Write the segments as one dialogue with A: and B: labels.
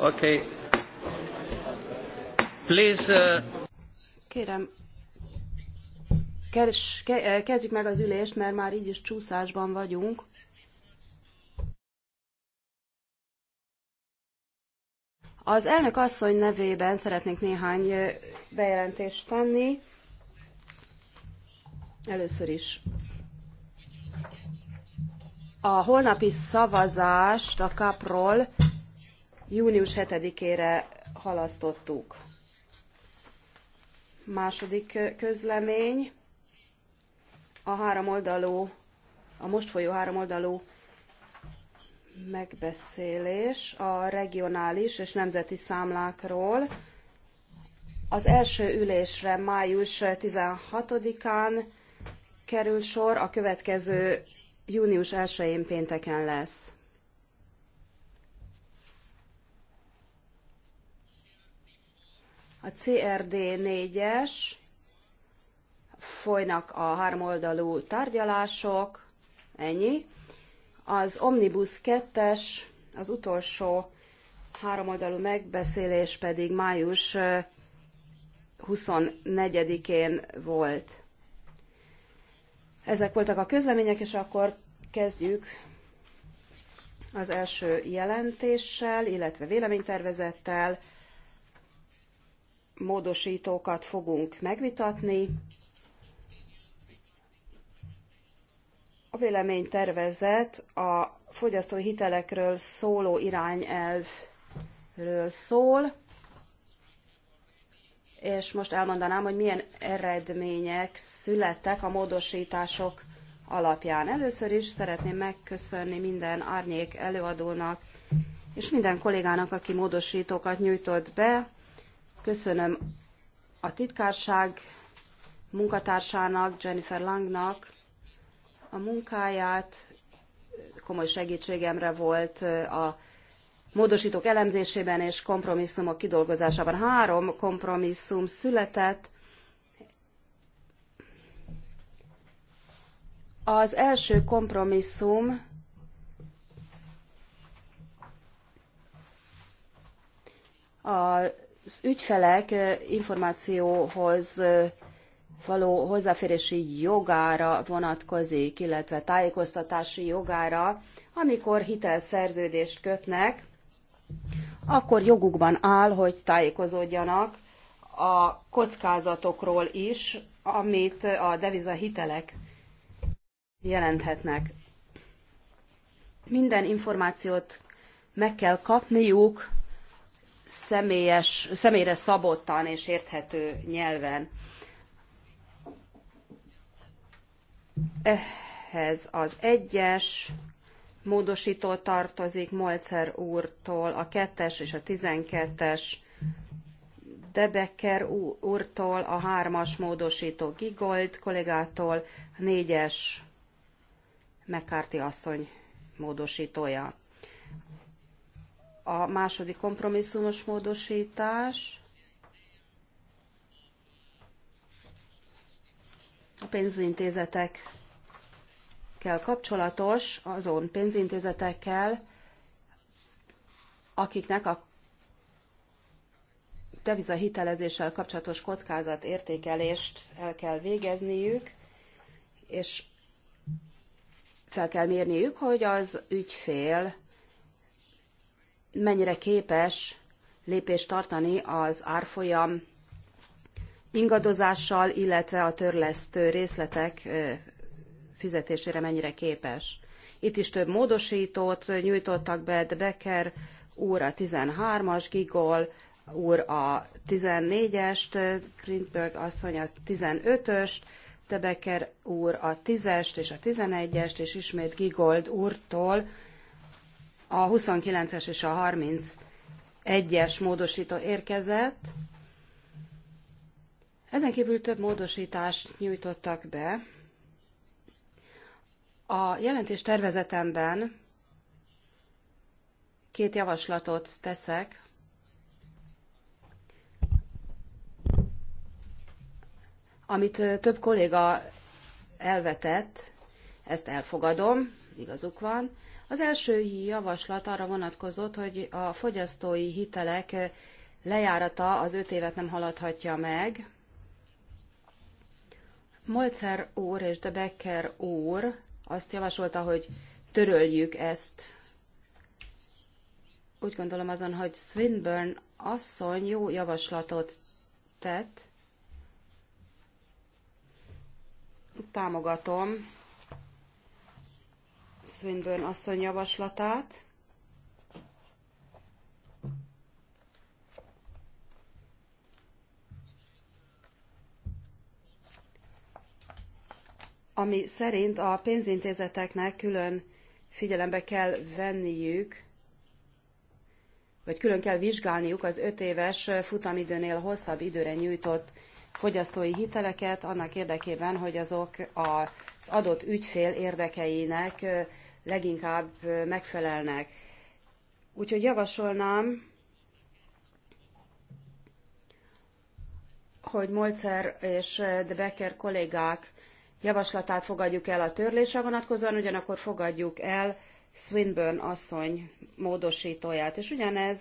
A: Okay. Please, uh... Kérem, eh, kezdjük meg az ülést, mert már így is csúszásban vagyunk. Az elnök asszony nevében szeretnék néhány eh, bejelentést tenni. Először is a holnapi szavazást a kapról június 7-ére halasztottuk. Második közlemény a három oldalú, a most folyó három oldalú megbeszélés a regionális és nemzeti számlákról. Az első ülésre május 16-án kerül sor, a következő június 1-én pénteken lesz. A CRD 4-es, folynak a háromoldalú tárgyalások, ennyi. Az Omnibus 2-es, az utolsó háromoldalú megbeszélés pedig május 24-én volt. Ezek voltak a közlemények, és akkor Kezdjük az első jelentéssel, illetve véleménytervezettel. Módosítókat fogunk megvitatni. A véleménytervezet a fogyasztói hitelekről szóló irányelvről szól, és most elmondanám, hogy milyen eredmények születtek a módosítások alapján. Először is szeretném megköszönni minden árnyék előadónak és minden kollégának, aki módosítókat nyújtott be. Köszönöm a titkárság munkatársának, Jennifer Langnak a munkáját, komoly segítségemre volt a módosítók elemzésében és kompromisszumok kidolgozásában. Három kompromisszum született, Az első kompromisszum az ügyfelek információhoz való hozzáférési jogára vonatkozik, illetve tájékoztatási jogára, amikor hitelszerződést kötnek, akkor jogukban áll, hogy tájékozódjanak a kockázatokról is, amit a devizahitelek jelenthetnek. Minden információt meg kell kapniuk személyes, személyre szabottan és érthető nyelven. Ehhez az egyes módosító tartozik Molzer úrtól, a kettes és a tizenkettes Debecker úrtól, a hármas módosító Gigold kollégától, a négyes McCarthy asszony módosítója. A második kompromisszumos módosítás a pénzintézetekkel kapcsolatos, azon pénzintézetekkel, akiknek a devizahitelezéssel kapcsolatos kockázatértékelést el kell végezniük, és fel kell mérniük, hogy az ügyfél mennyire képes lépést tartani az árfolyam ingadozással, illetve a törlesztő részletek fizetésére mennyire képes. Itt is több módosítót nyújtottak be, de Becker úr a 13-as, Gigol úr a 14-est, Greenberg asszony a 15-öst, Debeker úr a 10-est és a 11-est, és ismét Gigold úrtól a 29-es és a 31-es módosító érkezett. Ezen kívül több módosítást nyújtottak be. A jelentés tervezetemben két javaslatot teszek Amit több kolléga elvetett, ezt elfogadom, igazuk van. Az első javaslat arra vonatkozott, hogy a fogyasztói hitelek lejárata az öt évet nem haladhatja meg. Molzer úr és de Becker úr azt javasolta, hogy töröljük ezt. Úgy gondolom azon, hogy Swinburne asszony jó javaslatot tett, Támogatom Swinburne asszony javaslatát. ami szerint a pénzintézeteknek külön figyelembe kell venniük, vagy külön kell vizsgálniuk az öt éves futamidőnél hosszabb időre nyújtott fogyasztói hiteleket annak érdekében, hogy azok az adott ügyfél érdekeinek leginkább megfelelnek. Úgyhogy javasolnám, hogy Molzer és De Becker kollégák javaslatát fogadjuk el a törlésre vonatkozóan, ugyanakkor fogadjuk el Swinburne asszony módosítóját. És ugyanez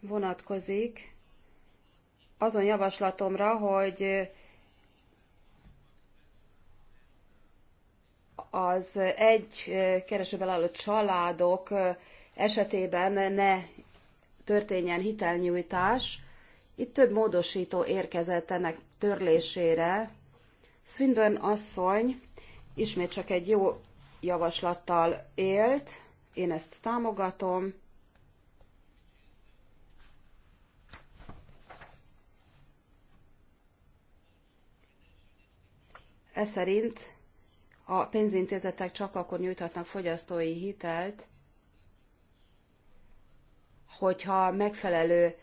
A: vonatkozik azon javaslatomra, hogy eh, az egy eh, keresőben álló családok eh, esetében ne történjen hitelnyújtás. Itt több módosító érkezett ennek törlésére. Swinburne asszony ismét csak egy jó javaslattal élt, én ezt támogatom. Ez szerint a pénzintézetek csak akkor nyújthatnak fogyasztói hitelt, hogyha megfelelő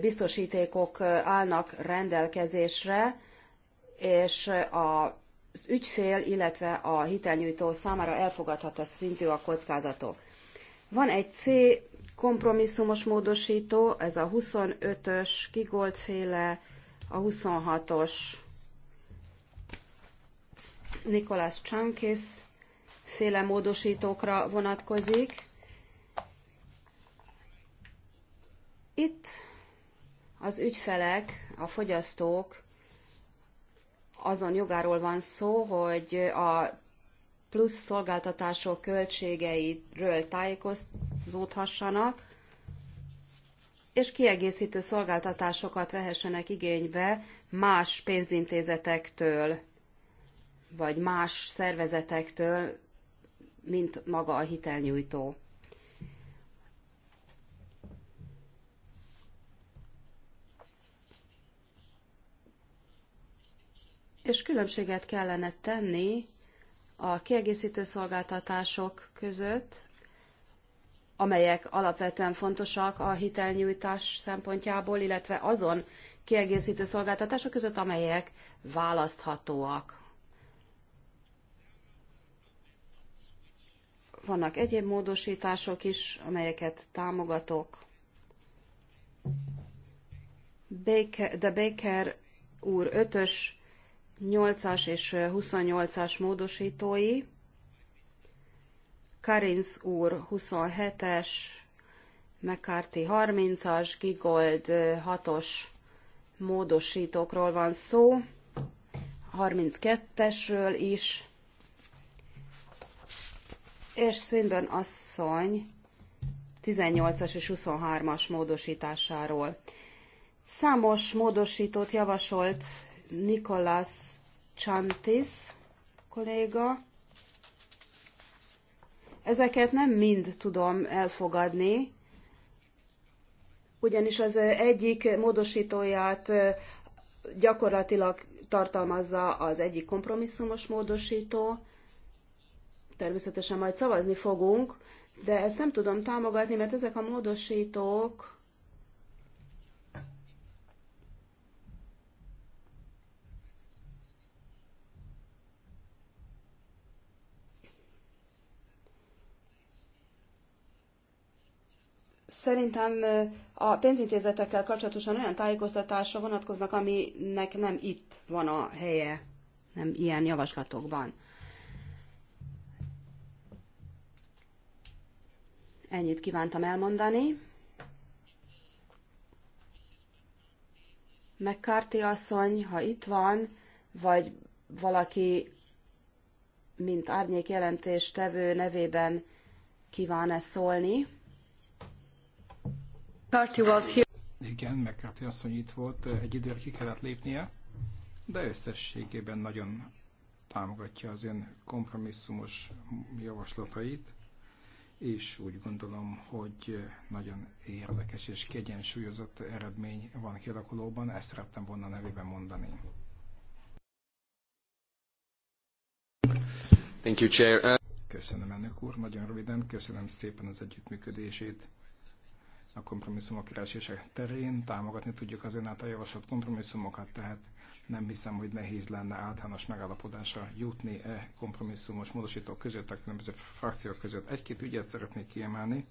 A: biztosítékok állnak rendelkezésre, és az ügyfél, illetve a hitelnyújtó számára elfogadható szintű a kockázatok. Van egy C kompromisszumos módosító, ez a 25-ös, kigolt féle, a 26-os Nikolás Csankis féle módosítókra vonatkozik. Itt az ügyfelek, a fogyasztók azon jogáról van szó, hogy a plusz szolgáltatások költségeiről tájékozódhassanak, és kiegészítő szolgáltatásokat vehessenek igénybe más pénzintézetektől vagy más szervezetektől, mint maga a hitelnyújtó. És különbséget kellene tenni a kiegészítő szolgáltatások között, amelyek alapvetően fontosak a hitelnyújtás szempontjából, illetve azon kiegészítő szolgáltatások között, amelyek választhatóak. Vannak egyéb módosítások is, amelyeket támogatok. Baker, de Baker úr 5-ös, 8-as és 28-as módosítói, Karinz úr 27-es, McCarthy 30-as, Gigold 6-os eh, módosítókról van szó, 32-esről is, és Swinburne asszony 18-as és 23-as módosításáról. Számos módosítót javasolt Nicolas Chantis kolléga. Ezeket nem mind tudom elfogadni, ugyanis az egyik módosítóját gyakorlatilag tartalmazza az egyik kompromisszumos módosító, természetesen majd szavazni fogunk, de ezt nem tudom támogatni, mert ezek a módosítók szerintem a pénzintézetekkel kapcsolatosan olyan tájékoztatásra vonatkoznak, aminek nem itt van a helye, nem ilyen javaslatokban. Ennyit kívántam elmondani. McCarthy asszony, ha itt van, vagy valaki, mint árnyék tevő nevében kíván-e szólni. McCarthy was here.
B: Igen, McCarthy asszony itt volt, egy időre ki kellett lépnie, de összességében nagyon támogatja az ön kompromisszumos javaslatait és úgy gondolom, hogy nagyon érdekes és kiegyensúlyozott eredmény van kialakulóban, ezt szerettem volna nevében mondani. Thank you, Chair. Uh, köszönöm, ennek úr, nagyon röviden, köszönöm szépen az együttműködését a kompromisszumok keresése terén, támogatni tudjuk az ön által javasolt kompromisszumokat, tehát nem hiszem, hogy nehéz lenne általános megállapodásra jutni e kompromisszumos módosítók között, a különböző frakciók között. Egy-két ügyet szeretnék kiemelni.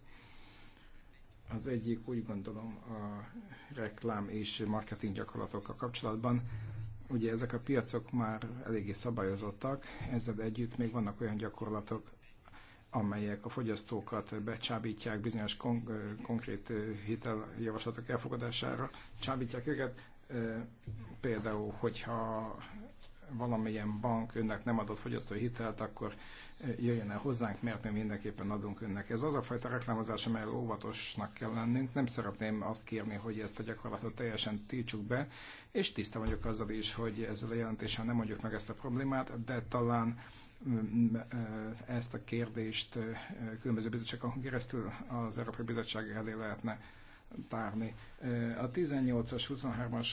B: Az egyik úgy gondolom a reklám és marketing gyakorlatokkal kapcsolatban. Ugye ezek a piacok már eléggé szabályozottak, ezzel együtt még vannak olyan gyakorlatok, amelyek a fogyasztókat becsábítják bizonyos kon- konkrét hiteljavaslatok elfogadására, csábítják őket, Például, hogyha valamilyen bank önnek nem adott fogyasztói hitelt, akkor jöjjön el hozzánk, mert mi mindenképpen adunk önnek. Ez az a fajta reklámozás, amely óvatosnak kell lennünk. Nem szeretném azt kérni, hogy ezt a gyakorlatot teljesen tiltsuk be, és tiszta vagyok azzal is, hogy ezzel a jelentéssel nem mondjuk meg ezt a problémát, de talán ezt a kérdést különböző bizottságokon keresztül az Európai Bizottság elé lehetne tárni. A 18-as, 23-as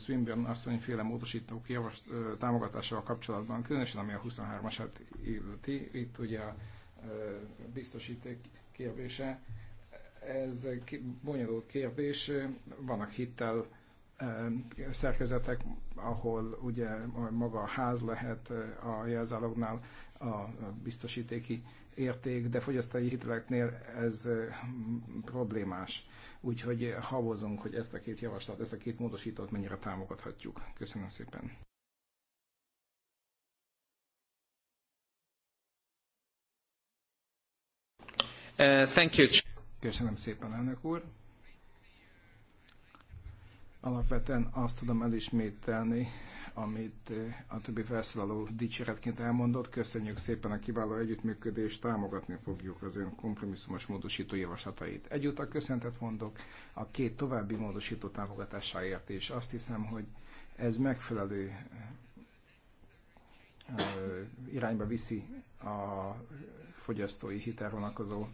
B: Swinburne asszonyféle módosítók javas, támogatásával kapcsolatban, különösen ami a 23-asat illeti, itt ugye a biztosíték kérdése, ez bonyolult kérdés, vannak hittel szerkezetek, ahol ugye maga a ház lehet a jelzálognál a biztosítéki érték, de fogyasztói hiteleknél ez problémás. Úgyhogy eh, havozunk, hogy ezt a két javaslat, ezt a két módosítót mennyire támogathatjuk. Köszönöm szépen. Uh, thank you. Köszönöm szépen, elnök úr. Alapvetően azt tudom elismételni, amit eh, a többi felszólaló dicséretként elmondott. Köszönjük szépen a kiváló együttműködést, támogatni fogjuk az ön kompromisszumos módosító javaslatait. Egyúttal köszöntet mondok a két további módosító támogatásáért, és azt hiszem, hogy ez megfelelő eh, irányba viszi a fogyasztói hitel vonatkozó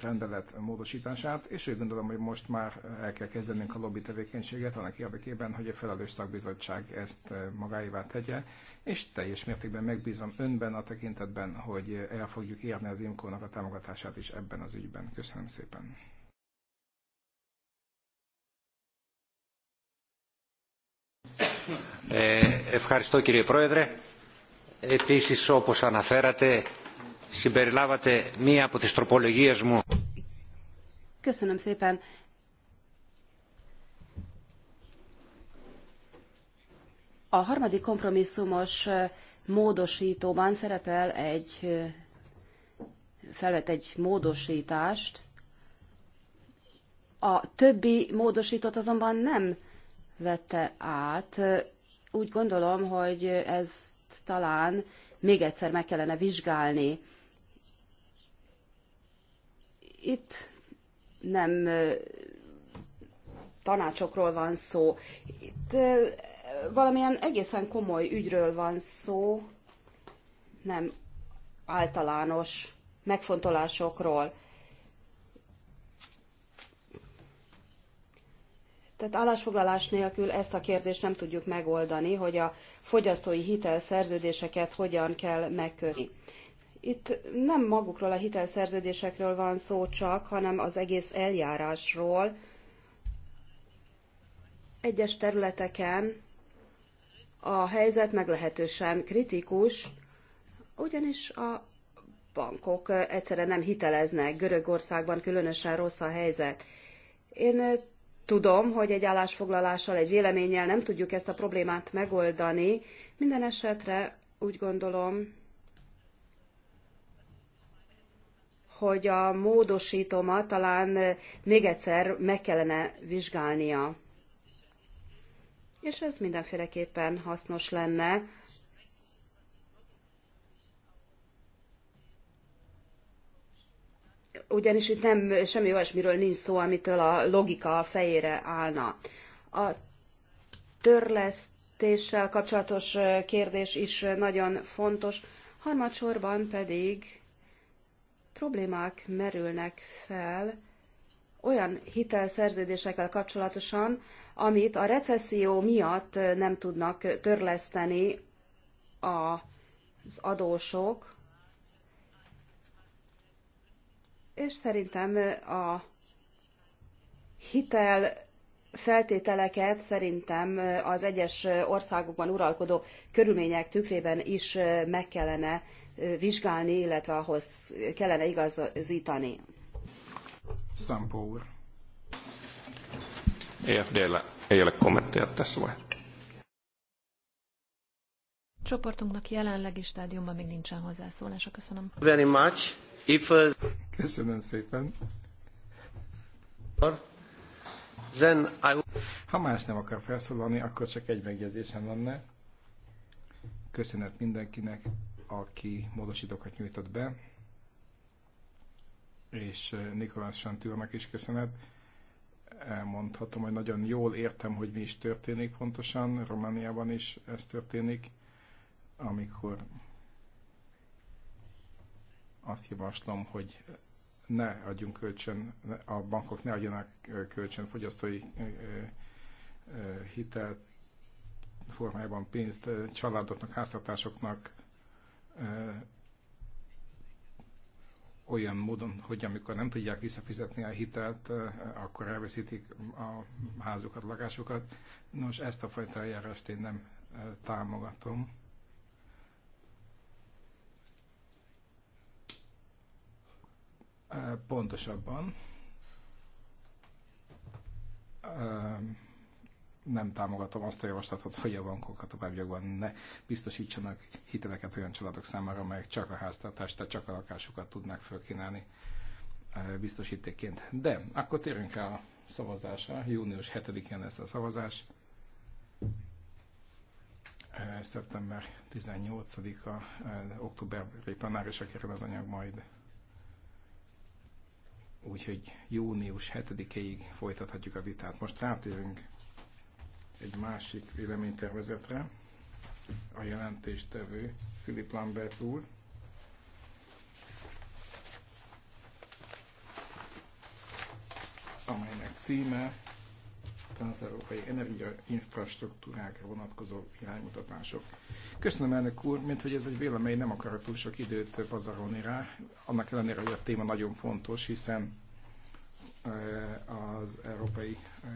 B: rendelet módosítását, és úgy gondolom, hogy most már el kell kezdenünk a lobby tevékenységet annak érdekében, hogy a felelős szakbizottság ezt eh, magáévá tegye, és teljes mértékben megbízom önben a tekintetben, hogy el fogjuk érni az IMCO-nak a támogatását is ebben az ügyben. Köszönöm szépen! Ευχαριστώ κύριε Πρόεδρε. Επίσης όπως αναφέρατε
A: Köszönöm szépen. A harmadik kompromisszumos módosítóban szerepel egy felvet egy módosítást. A többi módosítót azonban nem vette át. Úgy gondolom, hogy ezt talán még egyszer meg kellene vizsgálni. Itt nem tanácsokról van szó. Itt valamilyen egészen komoly ügyről van szó, nem általános megfontolásokról. Tehát állásfoglalás nélkül ezt a kérdést nem tudjuk megoldani, hogy a fogyasztói hitelszerződéseket hogyan kell megkötni. Itt nem magukról a hitelszerződésekről van szó csak, hanem az egész eljárásról. Egyes területeken a helyzet meglehetősen kritikus, ugyanis a bankok egyszerűen nem hiteleznek. Görögországban különösen rossz a helyzet. Én tudom, hogy egy állásfoglalással, egy véleménnyel nem tudjuk ezt a problémát megoldani. Minden esetre úgy gondolom, hogy a módosítómat talán eh, még egyszer meg kellene vizsgálnia. És ez mindenféleképpen hasznos lenne. Ugyanis itt nem semmi olyasmiről nincs szó, amitől a logika a fejére állna. A törlesztéssel kapcsolatos eh, kérdés is eh, nagyon fontos, harmadsorban pedig problémák merülnek fel olyan hitelszerződésekkel kapcsolatosan, amit a recesszió miatt nem tudnak törleszteni az adósok, és szerintem a hitel feltételeket szerintem az egyes országokban uralkodó körülmények tükrében is meg kellene vizsgálni, illetve ahhoz kellene igazítani.
B: Szampó úr. EFD-le ei ole kommentteja
A: Csoportunknak jelenlegi stádiumban még nincsen hozzászólása. Köszönöm.
B: Very much. If, uh... Köszönöm szépen. Then I... Ha más nem akar felszólalni, akkor csak egy megjegyzésem lenne. Köszönet mindenkinek aki módosítókat nyújtott be, és eh, Nikolás Santilnak is köszönet. Mondhatom, hogy nagyon jól értem, hogy mi is történik pontosan. Romániában is ez történik, amikor azt javaslom, hogy ne adjunk kölcsön, a bankok ne adjanak eh, kölcsön fogyasztói eh, hitelt formájában pénzt családoknak, háztartásoknak, olyan módon, hogy amikor nem tudják visszafizetni a hitelt, akkor elveszítik a házukat, lakásukat. Nos, ezt a fajta eljárást én nem támogatom. Pontosabban nem támogatom azt a javaslatot, hogy a bankok a továbbiakban ne biztosítsanak hiteleket olyan családok számára, amelyek csak a háztartást, tehát csak a lakásukat tudnák fölkínálni biztosítékként. De akkor térjünk rá a szavazásra. Június 7-én lesz a szavazás. Szeptember 18-a, októberi plenárisra kerül az anyag majd úgyhogy június 7-ig folytathatjuk a vitát. Most rátérünk egy másik véleménytervezetre. A jelentéstevő Filip Lambert úr. amelynek címe energia infrastruktúrák vonatkozó iránymutatások. Köszönöm elnök úr, mint hogy ez egy vélemény, nem akarok túl sok időt pazarolni rá, annak ellenére, hogy a téma nagyon fontos, hiszen Eh, az európai eh,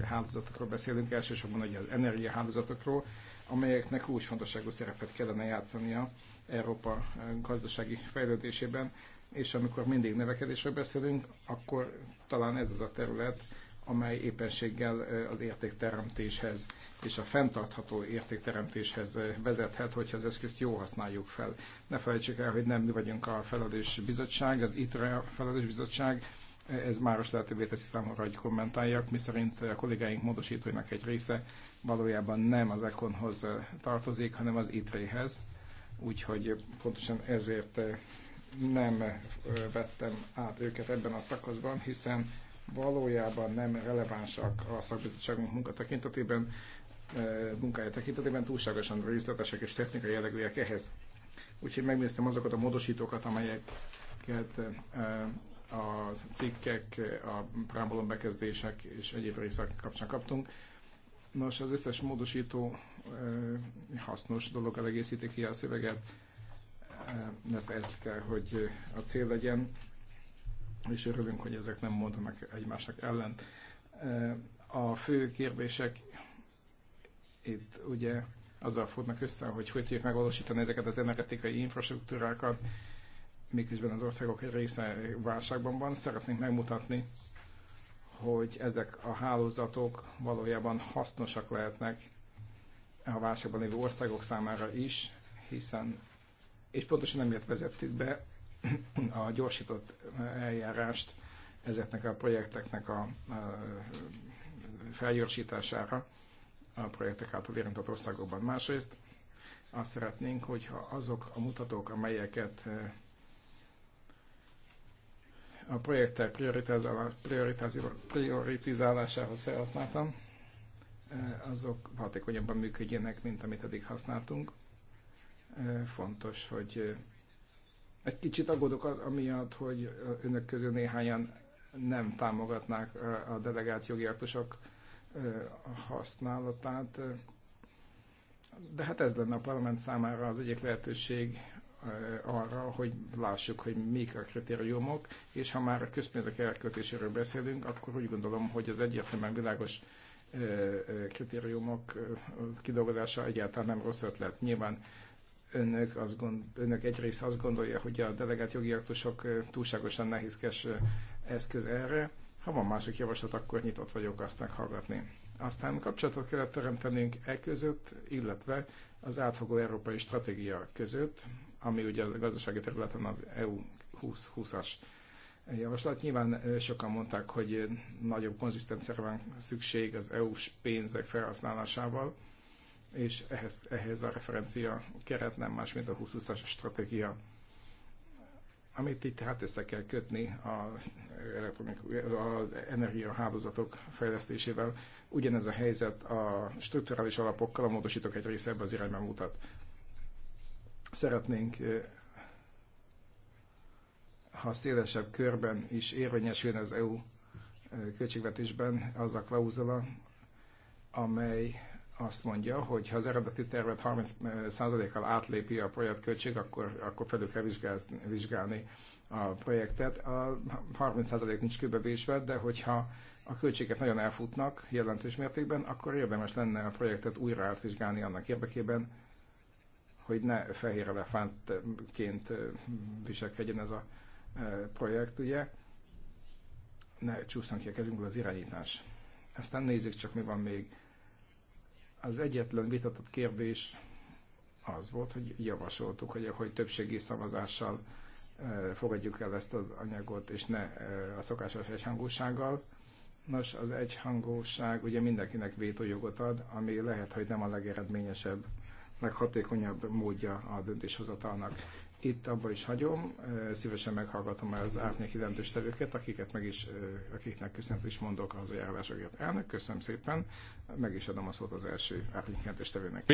B: eh, hálózatokról beszélünk, elsősorban ugye az energiahálózatokról, amelyeknek fontosságú szerepet kellene játszania Európa gazdasági fejlődésében, és amikor mindig növekedésről beszélünk, akkor talán ez az a terület, amely éppenséggel az értékteremtéshez és a fenntartható értékteremtéshez vezethet, hogyha az eszközt jól használjuk fel. Ne felejtsük el, hogy nem mi vagyunk a felelős bizottság, az ITRE felelős bizottság, ez már most lehetővé teszi számomra, hogy kommentáljak, miszerint a kollégáink módosítóinak egy része valójában nem az Econhoz tartozik, hanem az ITRE-hez, úgyhogy pontosan ezért nem vettem át őket ebben a szakaszban, hiszen valójában nem relevánsak a szakbizottságunk munka tekintetében, munkája tekintetében túlságosan részletesek és technikai jellegűek ehhez. Úgyhogy megnéztem azokat a módosítókat, amelyeket a cikkek, a preambulum bekezdések és egyéb részek kapcsán kaptunk. Nos, az összes módosító eh, hasznos dolog egészíti ki a szöveget, eh, mert ezt kell, hogy a cél legyen, és örülünk, hogy ezek nem mondanak egymásnak ellen. Eh, a fő kérdések itt ugye azzal fognak össze, hogy hogy tudjuk megvalósítani ezeket az energetikai infrastruktúrákat, miközben az országok egy része válságban van, szeretnénk megmutatni, hogy ezek a hálózatok valójában hasznosak lehetnek a válságban lévő országok számára is, hiszen, és pontosan emiatt vezettük be a gyorsított eljárást ezeknek a projekteknek a, a felgyorsítására a projektek által érintett országokban. Másrészt azt szeretnénk, hogyha azok a mutatók, amelyeket a projektek prioritizálásához felhasználtam, e, azok hatékonyabban működjenek, mint amit eddig használtunk. E, fontos, hogy e, egy kicsit aggódok amiatt, hogy önök közül néhányan nem támogatnák a delegált jogi aktusok használatát, de hát ez lenne a parlament számára az egyik lehetőség Eh, arra, hogy lássuk, hogy mik a kritériumok, és ha már a közpénzek elköltéséről beszélünk, akkor úgy gondolom, hogy az egyértelműen világos eh, eh, kritériumok kidolgozása egyáltalán nem rossz ötlet. Nyilván önök, az gond, önök egyrészt azt gondolja, hogy a delegált jogi aktusok túlságosan nehézkes eszköz erre. Ha van másik javaslat, akkor nyitott vagyok azt meghallgatni. Aztán kapcsolatot kellett teremtenünk e között, illetve az átfogó európai stratégia között, ami ugye a gazdasági területen az EU 2020-as javaslat. Nyilván sokan mondták, hogy nagyobb konzisztenciára van szükség az EU-s pénzek felhasználásával, és ehhez, ehhez a referencia keret nem más, mint a 2020-as stratégia amit itt hát össze kell kötni az, az energiahálózatok fejlesztésével. Ugyanez a helyzet a strukturális alapokkal, a módosítók egy része ebbe az irányba mutat. Szeretnénk, ha szélesebb körben is érvényesülne az EU költségvetésben az a klauzula, amely azt mondja, hogy ha az eredeti tervet 30%-kal átlépi a projekt költség, akkor, akkor felül kell vizsgálni a projektet. A 30% nincs kőbevésve, de hogyha a költségek nagyon elfutnak jelentős mértékben, akkor érdemes lenne a projektet újra átvizsgálni annak érdekében, hogy ne fehér elefántként viselkedjen ez a projekt, ugye? Ne csúsztan ki a kezünkből az irányítás. Aztán nézzük csak, mi van még. Az egyetlen vitatott kérdés az volt, hogy javasoltuk, hogy, hogy többségi szavazással fogadjuk el ezt az anyagot, és ne a szokásos egyhangúsággal. Nos, az egyhangúság ugye mindenkinek vétójogot ad, ami lehet, hogy nem a legeredményesebb leghatékonyabb módja a döntéshozatalnak. Itt abba is hagyom, szívesen meghallgatom az árnyék jelentős tevőket, akiket meg is, akiknek köszönet is mondok az ajánlásokért. Elnök, köszönöm szépen, meg is adom a szót az első árnyék jelentős tevőnek.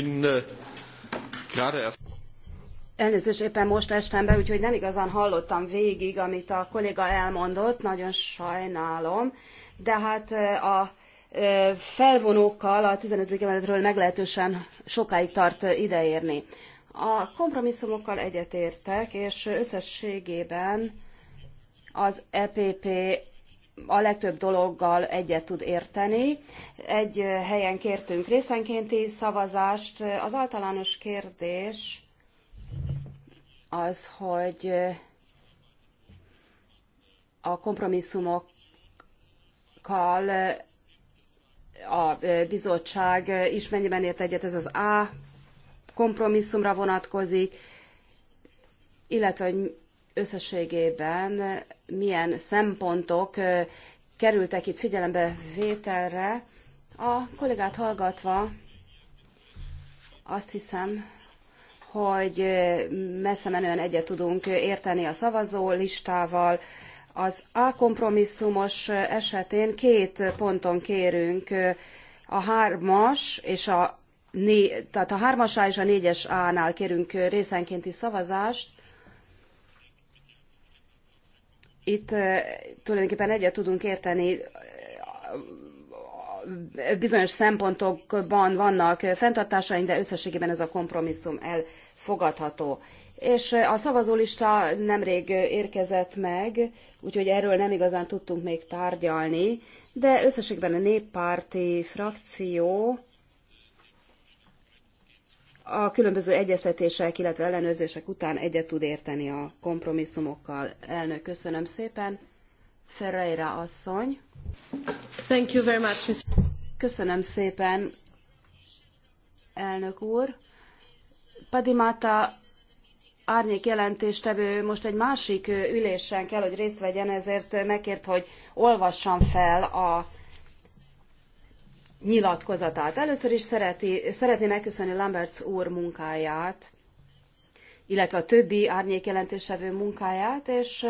A: Elnézést, éppen most estem be, úgyhogy nem igazán hallottam végig, amit a kolléga elmondott, nagyon sajnálom, de hát a felvonókkal a 15. emeletről meglehetősen sokáig tart ideérni. A kompromisszumokkal egyetértek, és összességében az EPP a legtöbb dologgal egyet tud érteni. Egy helyen kértünk részenkénti szavazást. Az általános kérdés az, hogy a kompromisszumokkal a e, bizottság is mennyiben ért egyet, ez az A kompromisszumra vonatkozik, illetve hogy összességében milyen szempontok e, kerültek itt figyelembe vételre. A kollégát hallgatva azt hiszem, hogy messze menően egyet tudunk érteni a szavazó listával, az A kompromisszumos esetén két ponton kérünk a hármas és a né, tehát a hármas A és a négyes A-nál kérünk részenkénti szavazást. Itt tulajdonképpen egyet tudunk érteni, bizonyos szempontokban vannak fenntartásaink, de összességében ez a kompromisszum elfogadható és a szavazólista nemrég érkezett meg, úgyhogy erről nem igazán tudtunk még tárgyalni, de összességben a néppárti frakció a különböző egyeztetések, illetve ellenőrzések után egyet tud érteni a kompromisszumokkal. Elnök, köszönöm szépen. Ferreira asszony. Thank you very much, Ms. Köszönöm szépen, elnök úr. Padimata árnyék jelentéstevő most egy másik ülésen kell, hogy részt vegyen, ezért megkért, hogy olvassam fel a nyilatkozatát. Először is szereti, szeretné megköszönni Lamberts úr munkáját, illetve a többi árnyék jelentéstevő munkáját, és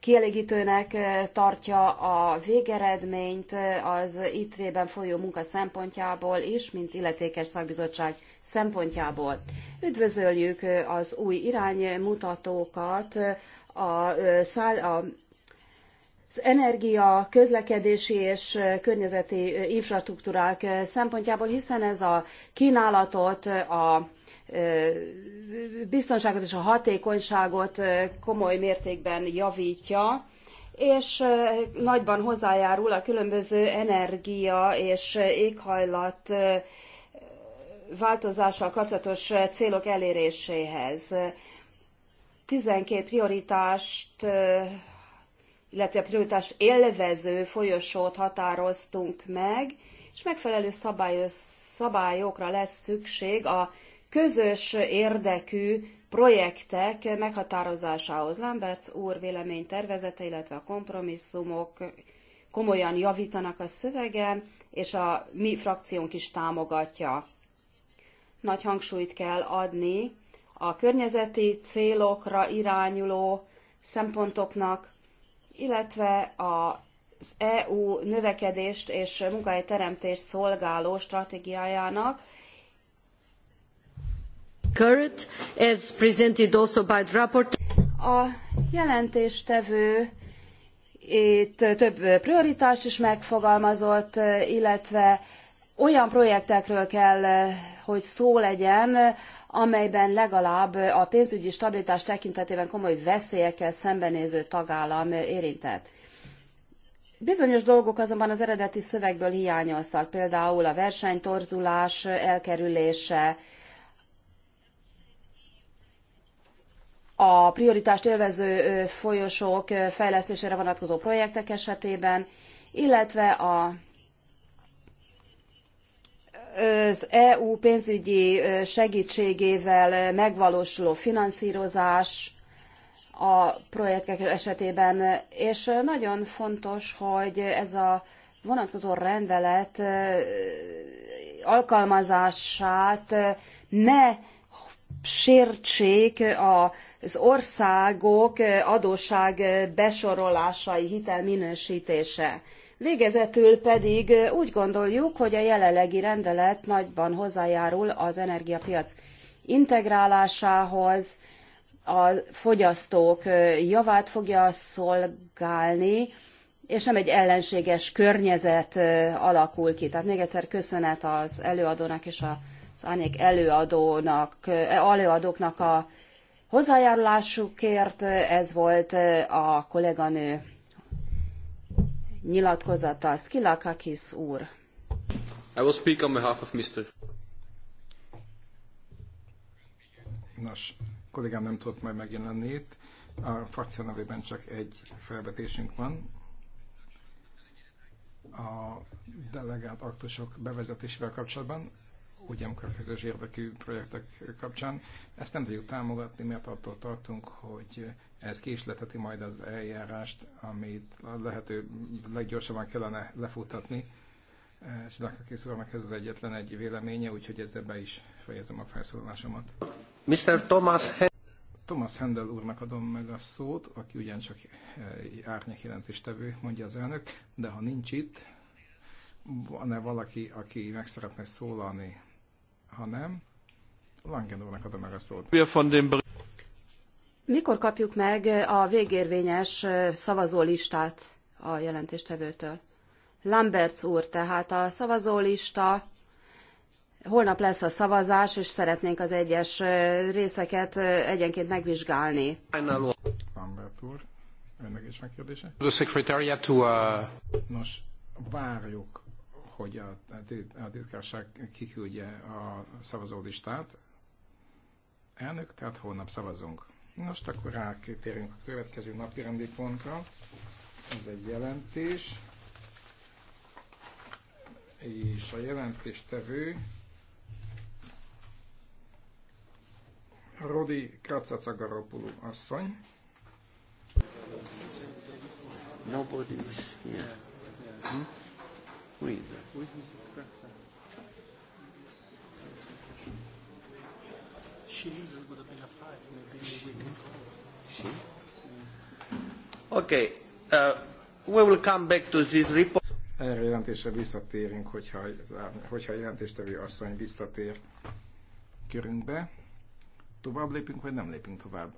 A: kielégítőnek tartja a végeredményt az ITRE-ben folyó munka szempontjából is, mint illetékes szakbizottság szempontjából. Üdvözöljük az új iránymutatókat, a, száll, a az energia, közlekedési és környezeti infrastruktúrák szempontjából, hiszen ez a kínálatot, a biztonságot és a hatékonyságot komoly mértékben javítja, és nagyban hozzájárul a különböző energia és éghajlat változással kapcsolatos eh, célok eléréséhez. 12 prioritást, eh, illetve prioritást élvező folyosót határoztunk meg, és megfelelő szabályokra lesz szükség a közös érdekű projektek meghatározásához. Lamberts úr véleménytervezete, illetve a kompromisszumok komolyan javítanak a szövegen, és a mi frakciónk is támogatja nagy hangsúlyt kell adni a környezeti célokra irányuló szempontoknak, illetve az EU növekedést és munkahelyteremtést szolgáló stratégiájának, Current, as presented also by the rapport. A jelentéstevő itt több prioritást is megfogalmazott, illetve olyan projektekről kell, eh, hogy szó legyen, amelyben legalább a pénzügyi stabilitás tekintetében komoly veszélyekkel szembenéző tagállam érintett. Bizonyos dolgok azonban az eredeti szövegből hiányoztak, például a versenytorzulás elkerülése, a prioritást élvező folyosók fejlesztésére vonatkozó projektek esetében, illetve a az EU pénzügyi segítségével megvalósuló finanszírozás a projektek esetében, és nagyon fontos, hogy ez a vonatkozó rendelet alkalmazását ne sértsék az országok adósság besorolásai hitelminősítése. Végezetül pedig úgy gondoljuk, hogy a jelenlegi rendelet nagyban hozzájárul az energiapiac integrálásához, a fogyasztók javát fogja szolgálni, és nem egy ellenséges környezet alakul ki. Tehát még egyszer köszönet az előadónak és az árnyék előadónak, előadóknak a hozzájárulásukért. Ez volt a kolléganő nyilatkozata. Skilakakis úr. I will speak on behalf of Mr.
B: Nos, kollégám nem tudott majd megjelenni itt. A frakció nevében csak egy felvetésünk van. A delegált aktusok bevezetésével kapcsolatban, ugye amikor közös érdekű projektek kapcsán, ezt nem tudjuk támogatni, mert attól tartunk, hogy ez késleteti majd az eljárást, amit lehető leggyorsabban kellene lefutatni. És Lakakész úrnak ez az egyetlen egy véleménye, úgyhogy ezzel be is fejezem a felszólalásomat. Mr. Thomas Thomas Hendel úrnak adom meg a szót, aki ugyancsak eh, árnyék jelentéstevő, mondja az elnök, de ha nincs itt, van-e valaki, aki meg szeretne szólalni? Ha nem, Langen úrnak adom meg a szót.
A: Mikor kapjuk meg a végérvényes szavazólistát a jelentéstevőtől? Lamberts úr, tehát a szavazólista, holnap lesz a szavazás, és szeretnénk az egyes részeket egyenként megvizsgálni.
B: Lambert úr, önnek is megkérdése? The secretariat to, uh... Nos, várjuk, hogy a, a titkárság kiküldje a szavazólistát. Elnök, tehát holnap szavazunk. Most akkor rákérünk a következő napi rendi pontra. Ez egy jelentés. És a jelentéstevő Rodi Kracacagaropulu asszony. Nobody is here. Hmm? Who is that? Who is Mrs. Kratza? Okay. Uh, we will come back to this report. Erre a jelentésre visszatérünk, hogyha, hogyha a jelentéstevő asszony visszatér körünkbe. Tovább lépünk, vagy nem lépünk tovább?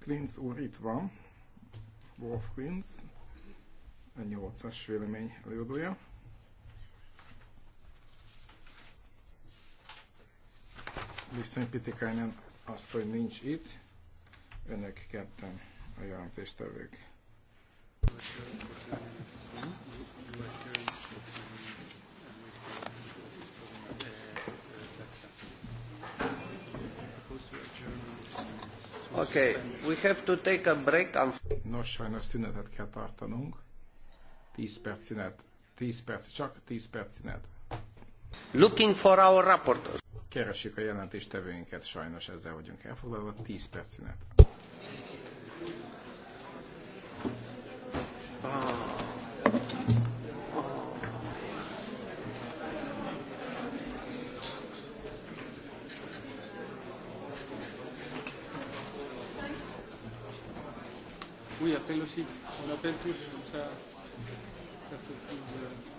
B: Klinz úr itt van. Wolf Klinz, a nyolcas vélemény előadója. viszony Pitikányan azt, hogy nincs itt. Önök ketten a jelentéstevők. Okay, we have to take a break. And... Nos, sajnos szünetet kell tartanunk. 10 perc szünet. 10 perc, csak 10 perc szünet. Looking for our rapporteurs. Keresjük a jelentéstevőinket, sajnos ezzel vagyunk elfoglalva. 10 perc szünet. Oui, appel aussi. On appelle tous, comme ça, ça fait plus de...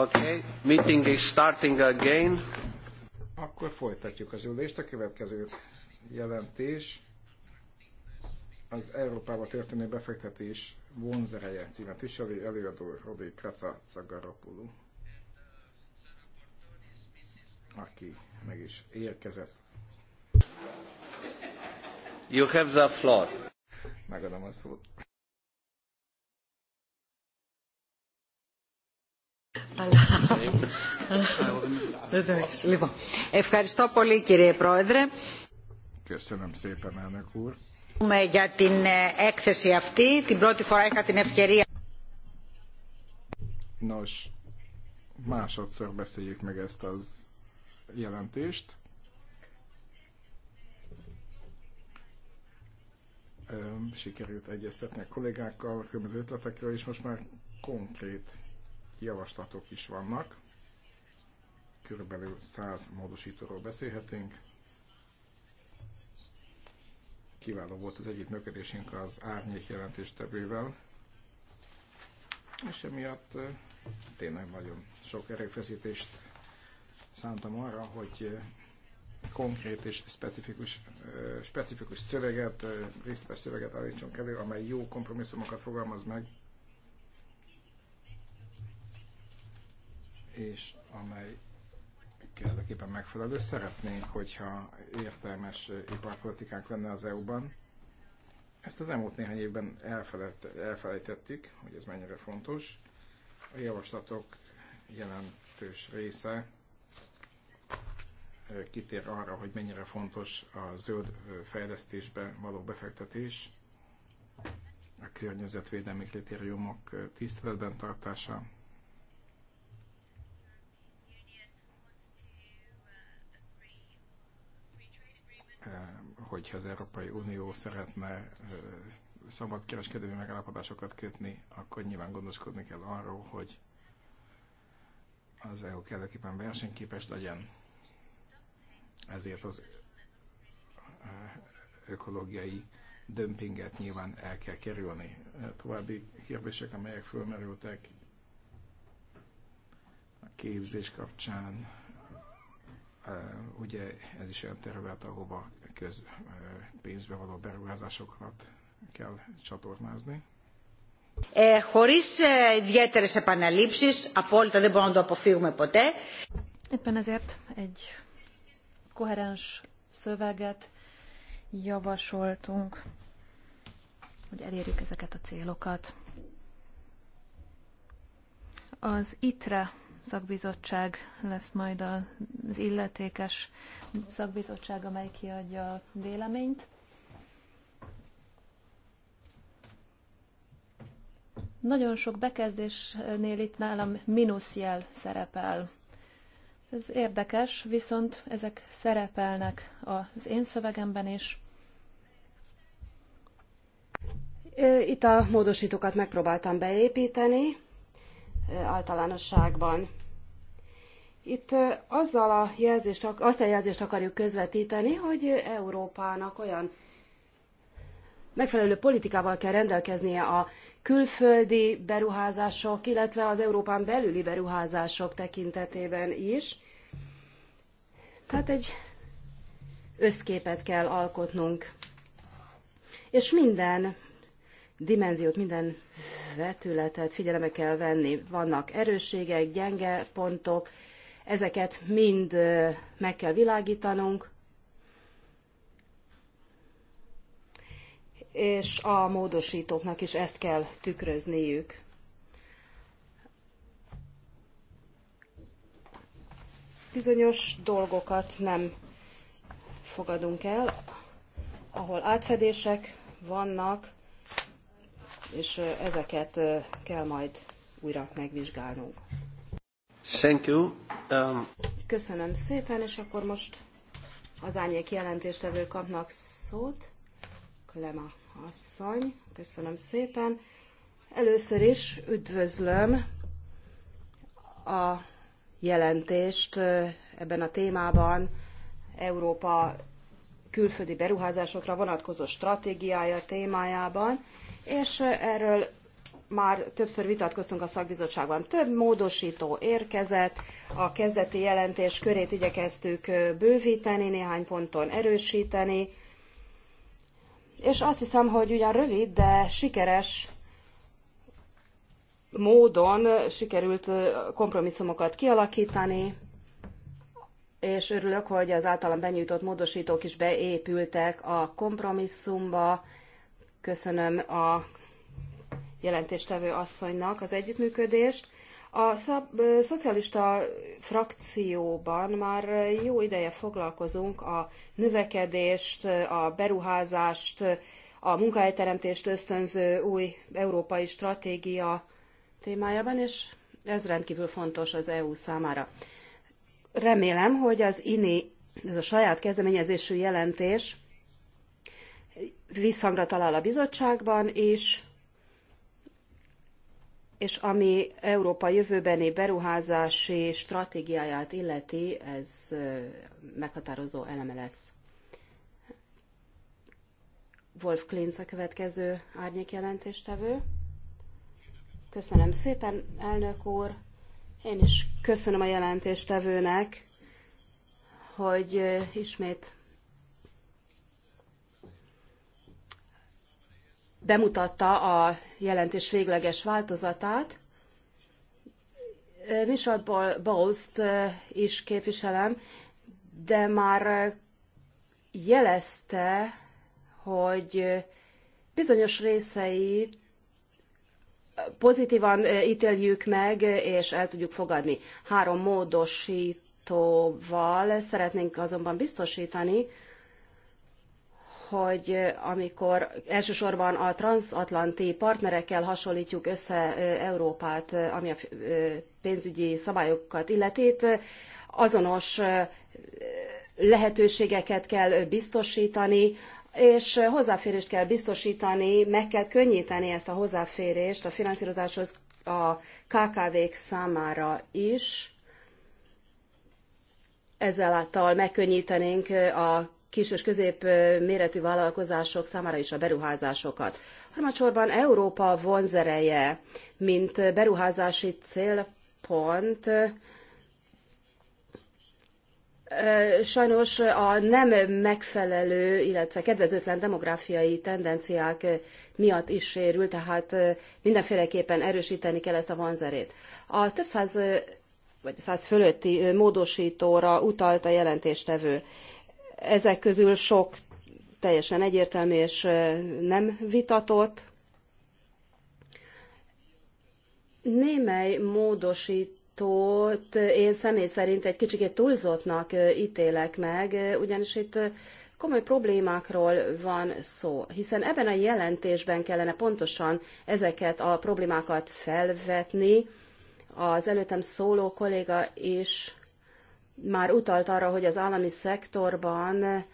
B: Okay, meeting is starting again. Akkor folytatjuk az ülést. A következő jelentés az Európába történő befektetés vonzereje címet is elő, előadó Rodi Kraca Zagaropulu, aki meg is érkezett. You have the floor. Megadom a szót.
A: Ευχαριστώ πολύ κύριε Πρόεδρε.
B: Köszönöm szépen, elnök úr.
A: Για την έκθεση αυτή, την πρώτη φορά είχα την ευκαιρία.
B: Nos, másodszor beszéljük meg ezt az jelentést. Sikerült egyeztetni a kollégákkal, a különböző ötletekről, és most már konkrét javaslatok is vannak. Körülbelül 100 módosítóról beszélhetünk. Kiváló volt az együttműködésünk az árnyék jelentéstevővel, és emiatt tényleg nagyon sok erőfeszítést szántam arra, hogy konkrét és specifikus, specifikus szöveget, részletes szöveget állítsunk elő, amely jó kompromisszumokat fogalmaz meg, és amely kellőképpen megfelelő. Szeretnénk, hogyha értelmes iparpolitikánk lenne az EU-ban. Ezt az elmúlt néhány évben elfelejt, elfelejtettük, hogy ez mennyire fontos. A javaslatok jelentős része kitér arra, hogy mennyire fontos a zöld fejlesztésbe való befektetés, a környezetvédelmi kritériumok tiszteletben tartása, Eh, hogyha az Európai Unió szeretne eh, kereskedelmi megállapodásokat kötni, akkor nyilván gondoskodni kell arról, hogy az EU kellőképpen versenyképes legyen. Ezért az eh, ökológiai dömpinget nyilván el kell kerülni. További kérdések, amelyek fölmerültek a képzés kapcsán, Ugye ez is olyan terület, ahova közpénzbe való beruházásokat kell csatornázni.
A: Ε, χωρίς ε, ιδιαίτερες επαναλήψεις, απόλυτα δεν μπορούμε να το αποφύγουμε ποτέ. Éppen ezért egy koherens szöveget javasoltunk, hogy elérjük ezeket a célokat. Az ITRE szakbizottság lesz majd az illetékes szakbizottság, amely kiadja a véleményt. Nagyon sok bekezdésnél itt nálam mínuszjel szerepel. Ez érdekes, viszont ezek szerepelnek az én szövegemben is. Itt a módosítókat megpróbáltam beépíteni általánosságban. Itt azzal a jelzést, azt a jelzést akarjuk közvetíteni, hogy Európának olyan megfelelő politikával kell rendelkeznie a külföldi beruházások, illetve az Európán belüli beruházások tekintetében is. Tehát egy összképet kell alkotnunk. És minden dimenziót, minden vetületet figyelembe kell venni. Vannak erősségek, gyenge pontok, ezeket mind meg kell világítanunk, és a módosítóknak is ezt kell tükrözniük. Bizonyos dolgokat nem fogadunk el, ahol átfedések vannak, és ezeket kell majd újra megvizsgálnunk. Thank you. Um... Köszönöm szépen, és akkor most az árnyék jelentéstevő kapnak szót. Klema asszony, köszönöm szépen. Először is üdvözlöm a jelentést ebben a témában. Európa külföldi beruházásokra vonatkozó stratégiája témájában, és erről már többször vitatkoztunk a szakbizottságban. Több módosító érkezett, a kezdeti jelentés körét igyekeztük bővíteni, néhány ponton erősíteni, és azt hiszem, hogy ugyan rövid, de sikeres módon sikerült kompromisszumokat kialakítani, és örülök, hogy az általam benyújtott módosítók is beépültek a kompromisszumba, Köszönöm a jelentéstevő asszonynak az együttműködést. A szocialista frakcióban már jó ideje foglalkozunk a növekedést, a beruházást, a munkahelyteremtést ösztönző új európai stratégia témájában, és ez rendkívül fontos az EU számára. Remélem, hogy az INI, ez a saját kezdeményezésű jelentés visszhangra talál a bizottságban is, és ami Európa jövőbeni beruházási stratégiáját illeti, ez meghatározó eleme lesz. Wolf Klinz a következő árnyék jelentéstevő. Köszönöm szépen, elnök úr. Én is köszönöm a jelentéstevőnek, hogy ismét bemutatta a jelentés végleges változatát. Michel bowles is képviselem, de már jelezte, hogy bizonyos részeit pozitívan ítéljük meg, és el tudjuk fogadni. Három módosítóval szeretnénk azonban biztosítani, hogy eh, amikor elsősorban a transatlanti partnerekkel hasonlítjuk össze eh, Európát, eh, ami a pénzügyi szabályokat illetét, azonos lehetőségeket kell biztosítani, és hozzáférést kell biztosítani, meg kell könnyíteni ezt a hozzáférést a finanszírozáshoz a KKV-k számára is. Ezáltal megkönnyítenénk a kis és közép méretű vállalkozások számára is a beruházásokat. Harmadsorban Európa vonzereje, mint beruházási célpont, sajnos a nem megfelelő, illetve kedvezőtlen demográfiai tendenciák miatt is sérül, tehát mindenféleképpen erősíteni kell ezt a vonzerét. A több száz vagy száz fölötti módosítóra utalt a jelentéstevő. Ezek közül sok teljesen egyértelmű és nem vitatott. Némely módosítót én személy szerint egy kicsikét túlzottnak ítélek meg, ugyanis itt komoly problémákról van szó, hiszen ebben a jelentésben kellene pontosan ezeket a problémákat felvetni. Az előttem szóló kolléga is már utalt arra, hogy az állami szektorban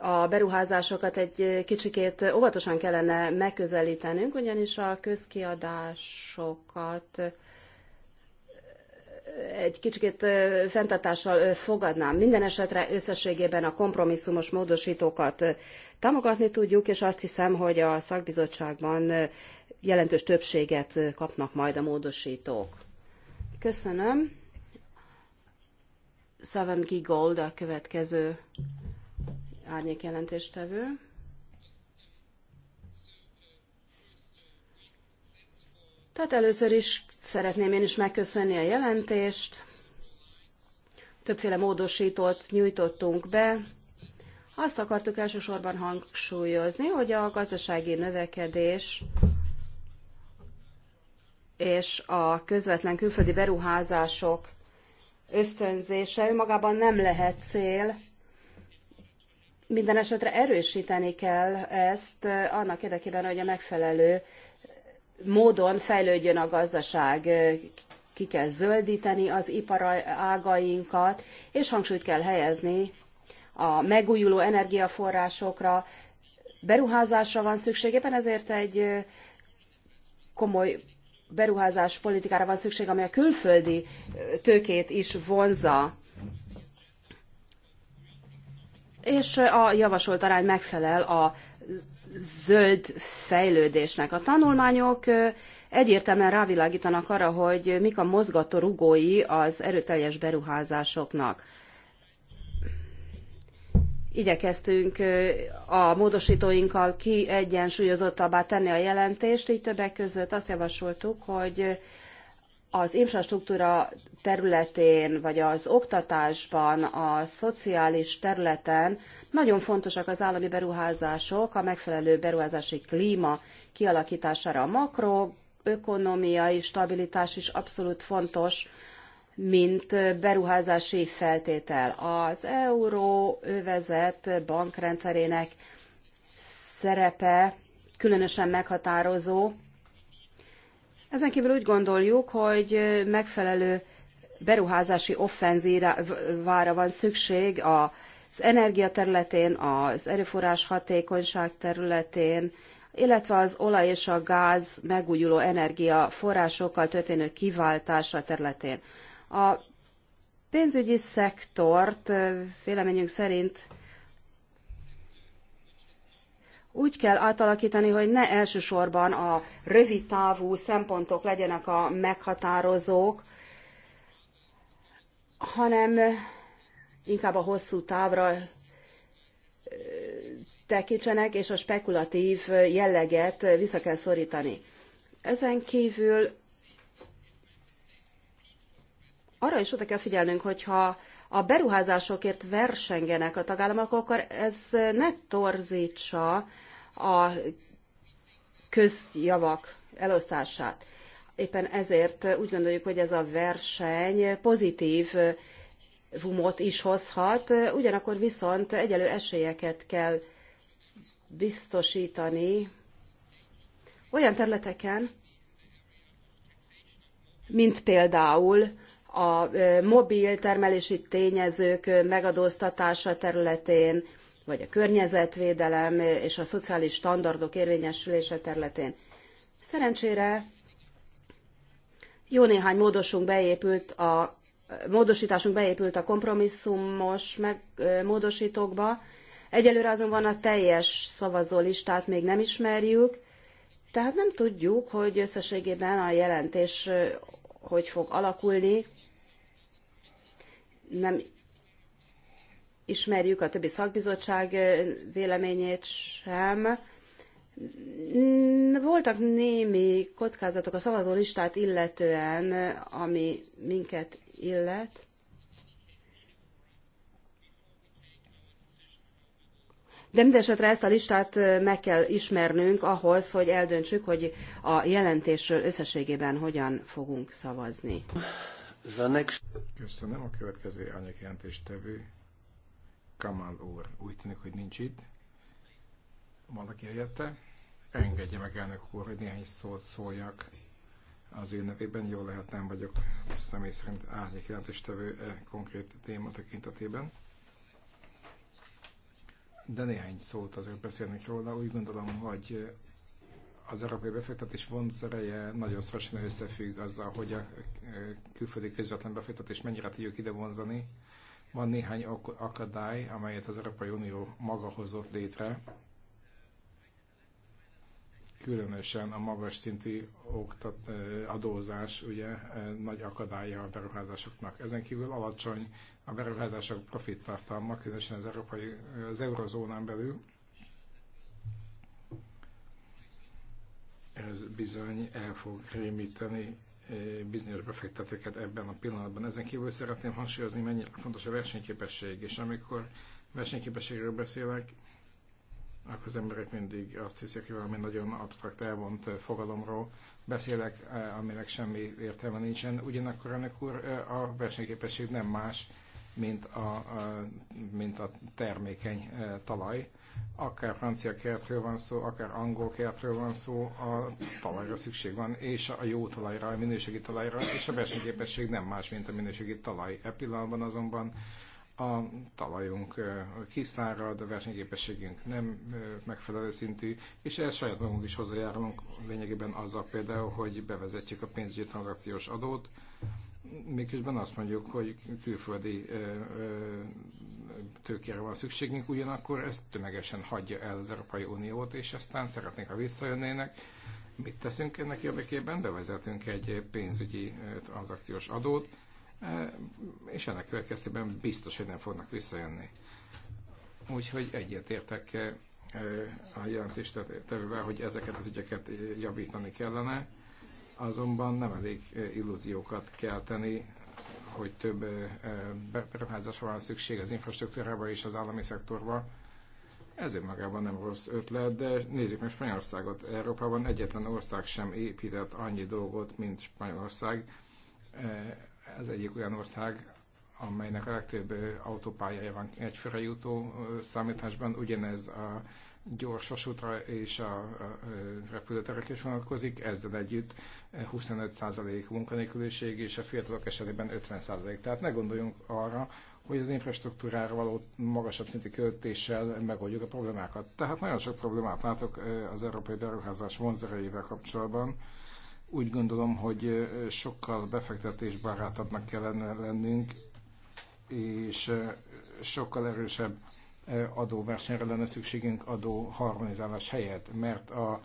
A: a beruházásokat egy kicsikét óvatosan kellene megközelítenünk, ugyanis a közkiadásokat egy kicsikét fenntartással fogadnám. Minden esetre összességében a kompromisszumos módosítókat támogatni tudjuk, és azt hiszem, hogy a szakbizottságban jelentős többséget kapnak majd a módosítók. Köszönöm. Key Gold a következő árnyék jelentéstevő. Tehát először is szeretném én is megköszönni a jelentést. Többféle módosítót nyújtottunk be. Azt akartuk elsősorban hangsúlyozni, hogy a gazdasági növekedés és a közvetlen külföldi beruházások ösztönzése önmagában nem lehet cél. Minden esetre erősíteni kell ezt eh, annak érdekében, hogy a megfelelő módon fejlődjön a gazdaság, eh, ki kell zöldíteni az iparágainkat, és hangsúlyt kell helyezni a megújuló energiaforrásokra, beruházásra van szükség, éppen ezért egy eh, komoly beruházás politikára van szükség, amely a külföldi tőkét is vonza. És a javasolt arány megfelel a zöld fejlődésnek. A tanulmányok egyértelműen rávilágítanak arra, hogy mik a mozgató rugói az erőteljes beruházásoknak igyekeztünk a módosítóinkkal kiegyensúlyozottabbá tenni a jelentést, így többek között azt javasoltuk, hogy az infrastruktúra területén, vagy az oktatásban, a szociális területen nagyon fontosak az állami beruházások, a megfelelő beruházási klíma kialakítására a makroökonómiai stabilitás is abszolút fontos, mint beruházási feltétel. Az euró bankrendszerének szerepe különösen meghatározó. Ezen kívül úgy gondoljuk, hogy megfelelő beruházási offenzívára van szükség az energia területén, az erőforrás hatékonyság területén, illetve az olaj és a gáz megújuló forrásokkal történő kiváltása területén. A pénzügyi szektort véleményünk szerint úgy kell átalakítani, hogy ne elsősorban a rövid távú szempontok legyenek a meghatározók, hanem inkább a hosszú távra tekintsenek, és a spekulatív jelleget vissza kell szorítani. Ezen kívül arra is oda kell figyelnünk, hogyha a beruházásokért versengenek a tagállamok, akkor ez ne torzítsa a közjavak elosztását. Éppen ezért úgy gondoljuk, hogy ez a verseny pozitív vumot is hozhat, ugyanakkor viszont egyelő esélyeket kell biztosítani olyan területeken, mint például a mobil termelési tényezők megadóztatása területén, vagy a környezetvédelem és a szociális standardok érvényesülése területén. Szerencsére jó néhány módosunk beépült a módosításunk beépült a kompromisszumos meg, módosítókba. Egyelőre azonban a teljes szavazó listát még nem ismerjük, tehát nem tudjuk, hogy összességében a jelentés hogy fog alakulni nem ismerjük a többi szakbizottság véleményét sem. Voltak némi kockázatok a szavazó listát illetően, ami minket illet. De mindesetre ezt a listát meg kell ismernünk ahhoz, hogy eldöntsük, hogy a jelentésről összességében hogyan fogunk szavazni.
B: The next... Köszönöm. A következő anyagjelentéstevő Kamal úr. Úgy tűnik, hogy nincs itt. Valaki helyette? Engedje meg elnök úr, hogy néhány szót szóljak az ő nevében. Jól lehet, nem vagyok személy szerint árnyékjelentéstevő e konkrét téma tekintetében. De néhány szót azért beszélnék róla. Úgy gondolom, hogy az európai befektetés vonzereje nagyon szorosan összefügg azzal, hogy a e, külföldi közvetlen befektetés mennyire tudjuk ide vonzani. Van néhány akadály, amelyet az Európai Unió maga hozott létre, különösen a magas szintű oktat, e, adózás ugye e, nagy akadálya a beruházásoknak. Ezen kívül alacsony a beruházások profittartalma, különösen az, európai, az eurozónán belül, ez bizony el fog rémíteni eh, bizonyos befektetőket ebben a pillanatban. Ezen kívül szeretném hangsúlyozni, mennyire fontos a versenyképesség, és amikor versenyképességről beszélek, akkor az emberek mindig azt hiszik, hogy valami nagyon absztrakt, elvont eh, fogalomról beszélek, eh, aminek semmi értelme nincsen. Ugyanakkor ennek a versenyképesség nem más, mint a, mint a termékeny e, talaj. Akár francia kertről van szó, akár angol kertről van szó, a talajra szükség van, és a jó talajra, a minőségi talajra, és a versenyképesség nem más, mint a minőségi talaj. E pillanatban azonban a talajunk e, kiszárad, a versenyképességünk nem e, megfelelő szintű, és ehhez saját magunk is hozzájárulunk lényegében azzal például, hogy bevezetjük a pénzügyi tranzakciós adót, miközben azt mondjuk, hogy külföldi tőkére van szükségünk, ugyanakkor ezt tömegesen hagyja el az Európai Uniót, és aztán szeretnék, ha visszajönnének. Mit teszünk ennek érdekében? Bevezetünk egy pénzügyi tranzakciós adót, és ennek következtében biztos, hogy nem fognak visszajönni. Úgyhogy egyetértek a jelentéstevővel, hogy ezeket az ügyeket javítani kellene azonban nem elég illúziókat kell tenni, hogy több beruházásra van szükség az infrastruktúrába és az állami szektorba. Ez önmagában nem rossz ötlet, de nézzük meg Spanyolországot. Európában egyetlen ország sem épített annyi dolgot, mint Spanyolország. Ez egyik olyan ország, amelynek a legtöbb autópályája van egyfőre jutó számításban, ugyanez a gyors vasútra és a repülőterek is vonatkozik, ezzel együtt 25% munkanélküliség és a fiatalok esetében 50%. Tehát ne gondoljunk arra, hogy az infrastruktúrára való magasabb szintű költéssel megoldjuk a problémákat. Tehát nagyon sok problémát látok az európai beruházás vonzerejével kapcsolatban. Úgy gondolom, hogy sokkal befektetésbarátabbnak kellene lennünk, és sokkal erősebb adóversenyre lenne szükségünk adó harmonizálás helyett, mert a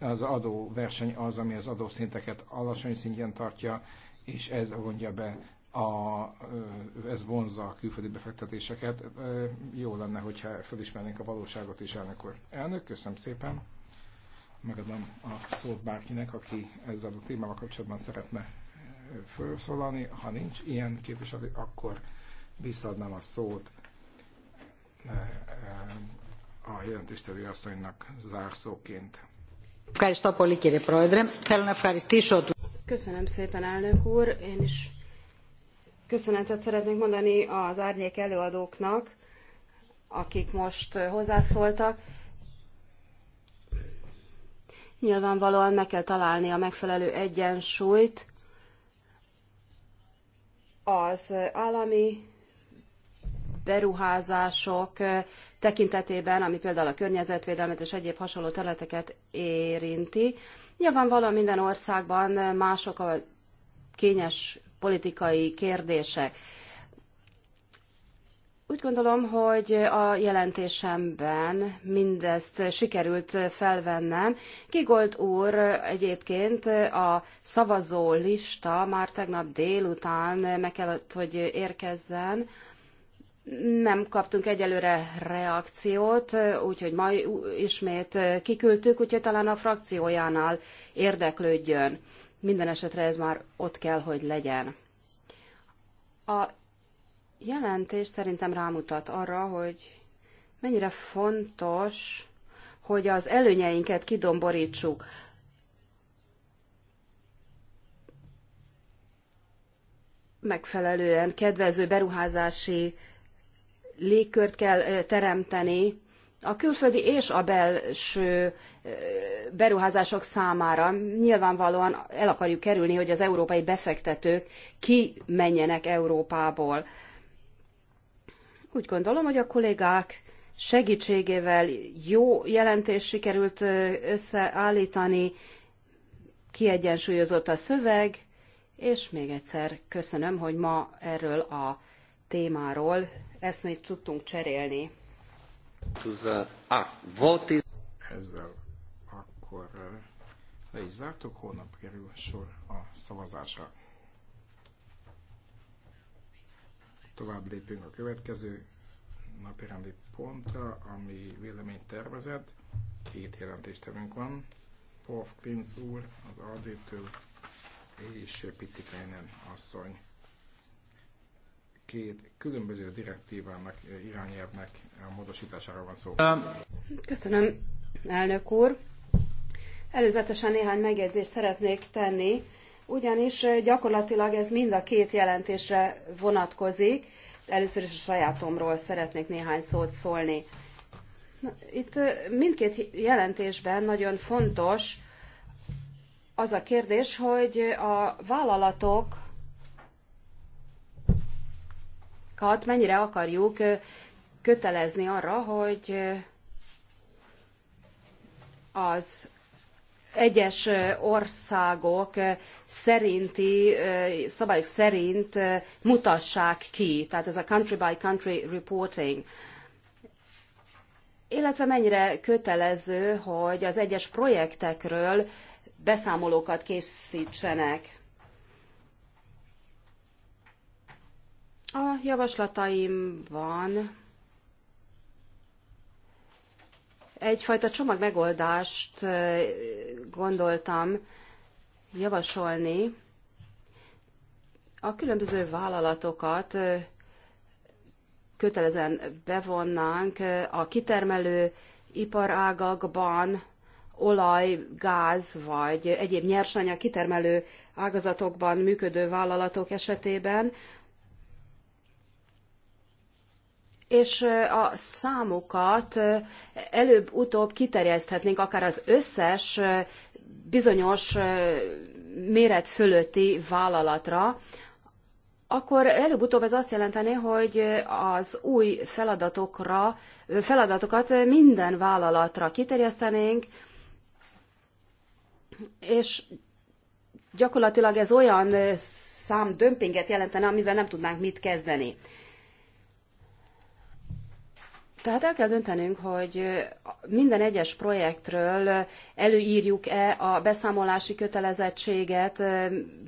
B: az adóverseny az, ami az adószinteket alacsony szintjén tartja, és ez vonja be a, ez vonzza a külföldi befektetéseket. Jó lenne, hogyha felismernénk a valóságot is, elnök úr. Elnök, köszönöm szépen. Megadom a szót bárkinek, aki ezzel a témával kapcsolatban szeretne felszólalni. Ha nincs ilyen képviselő, akkor visszaadnám a szót a jelentéstevő asszonynak zárszóként.
A: Köszönöm szépen, elnök úr. Én is köszönetet szeretnék mondani az árnyék előadóknak, akik most hozzászóltak. Nyilvánvalóan meg kell találni a megfelelő egyensúlyt az állami beruházások tekintetében, ami például a környezetvédelmet és egyéb hasonló területeket érinti. Nyilvánvalóan minden országban mások a kényes politikai kérdések. Úgy gondolom, hogy a jelentésemben mindezt sikerült felvennem. Kigolt úr egyébként a szavazó lista már tegnap délután meg kellett, hogy érkezzen nem kaptunk egyelőre reakciót, úgyhogy ma ismét kiküldtük, úgyhogy talán a frakciójánál érdeklődjön. Minden esetre ez már ott kell, hogy legyen. A jelentés szerintem rámutat arra, hogy mennyire fontos, hogy az előnyeinket kidomborítsuk. Megfelelően kedvező beruházási légkört kell teremteni a külföldi és a belső beruházások számára. Nyilvánvalóan el akarjuk kerülni, hogy az európai befektetők kimenjenek Európából. Úgy gondolom, hogy a kollégák segítségével jó jelentést sikerült összeállítani, kiegyensúlyozott a szöveg, és még egyszer köszönöm, hogy ma erről a témáról eszmét tudtunk cserélni. Ezzel
B: akkor eh, le is zártuk, holnap kerül sor a szavazásra. Tovább lépünk a következő napirendi pontra, ami véleményt tervezett. Két jelentéstevünk van. Wolf Klinz úr, az Aldétől és Pittikainen asszony két különböző direktívának, eh, irányelvnek a módosítására van szó.
A: Köszönöm, elnök úr. Előzetesen néhány megjegyzést szeretnék tenni, ugyanis eh, gyakorlatilag ez mind a két jelentésre vonatkozik. Először is a sajátomról szeretnék néhány szót szólni. Itt eh, mindkét jelentésben nagyon fontos az a kérdés, hogy a vállalatok tagállamokat mennyire akarjuk kötelezni arra, hogy az egyes országok szerinti, szabályok szerint mutassák ki, tehát ez a country by country reporting. Illetve mennyire kötelező, hogy az egyes projektekről beszámolókat készítsenek. A javaslataim van egyfajta csomag megoldást gondoltam javasolni. A különböző vállalatokat kötelezen bevonnánk a kitermelő iparágakban, olaj, gáz vagy egyéb nyersanyag kitermelő ágazatokban működő vállalatok esetében, és a számokat előbb-utóbb kiterjeszthetnénk akár az összes bizonyos méret fölötti vállalatra, akkor előbb-utóbb ez azt jelenteni, hogy az új feladatokra, feladatokat minden vállalatra kiterjesztenénk, és gyakorlatilag ez olyan számdömpinget jelentene, amivel nem tudnánk mit kezdeni. Tehát el kell döntenünk, hogy minden egyes projektről előírjuk-e a beszámolási kötelezettséget,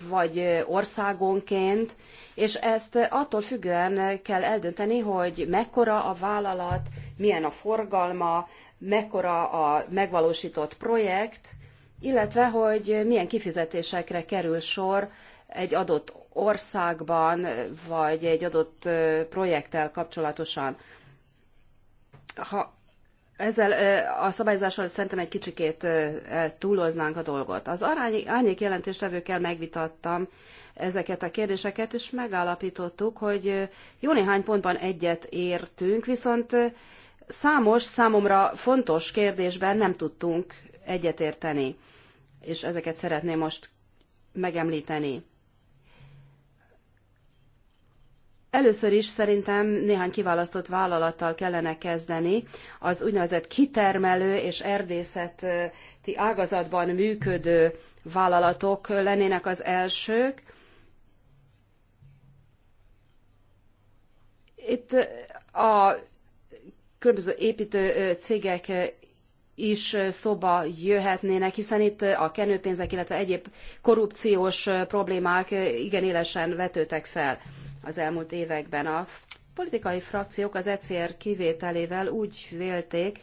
A: vagy országonként, és ezt attól függően kell eldönteni, hogy mekkora a vállalat, milyen a forgalma, mekkora a megvalósított projekt, illetve hogy milyen kifizetésekre kerül sor egy adott országban, vagy egy adott projekttel kapcsolatosan ha ezzel a szabályzással szerintem egy kicsikét túloznánk a dolgot. Az árnyék jelentéstevőkkel megvitattam ezeket a kérdéseket, és megállapítottuk, hogy jó néhány pontban egyet értünk, viszont számos, számomra fontos kérdésben nem tudtunk egyetérteni, és ezeket szeretném most megemlíteni. Először is szerintem néhány kiválasztott vállalattal kellene kezdeni. Az úgynevezett kitermelő és erdészeti ágazatban működő vállalatok lennének az elsők. Itt a különböző építő cégek is szóba jöhetnének, hiszen itt a kenőpénzek, illetve egyéb korrupciós problémák igen élesen vetődtek fel az elmúlt években. A politikai frakciók az ECR kivételével úgy vélték,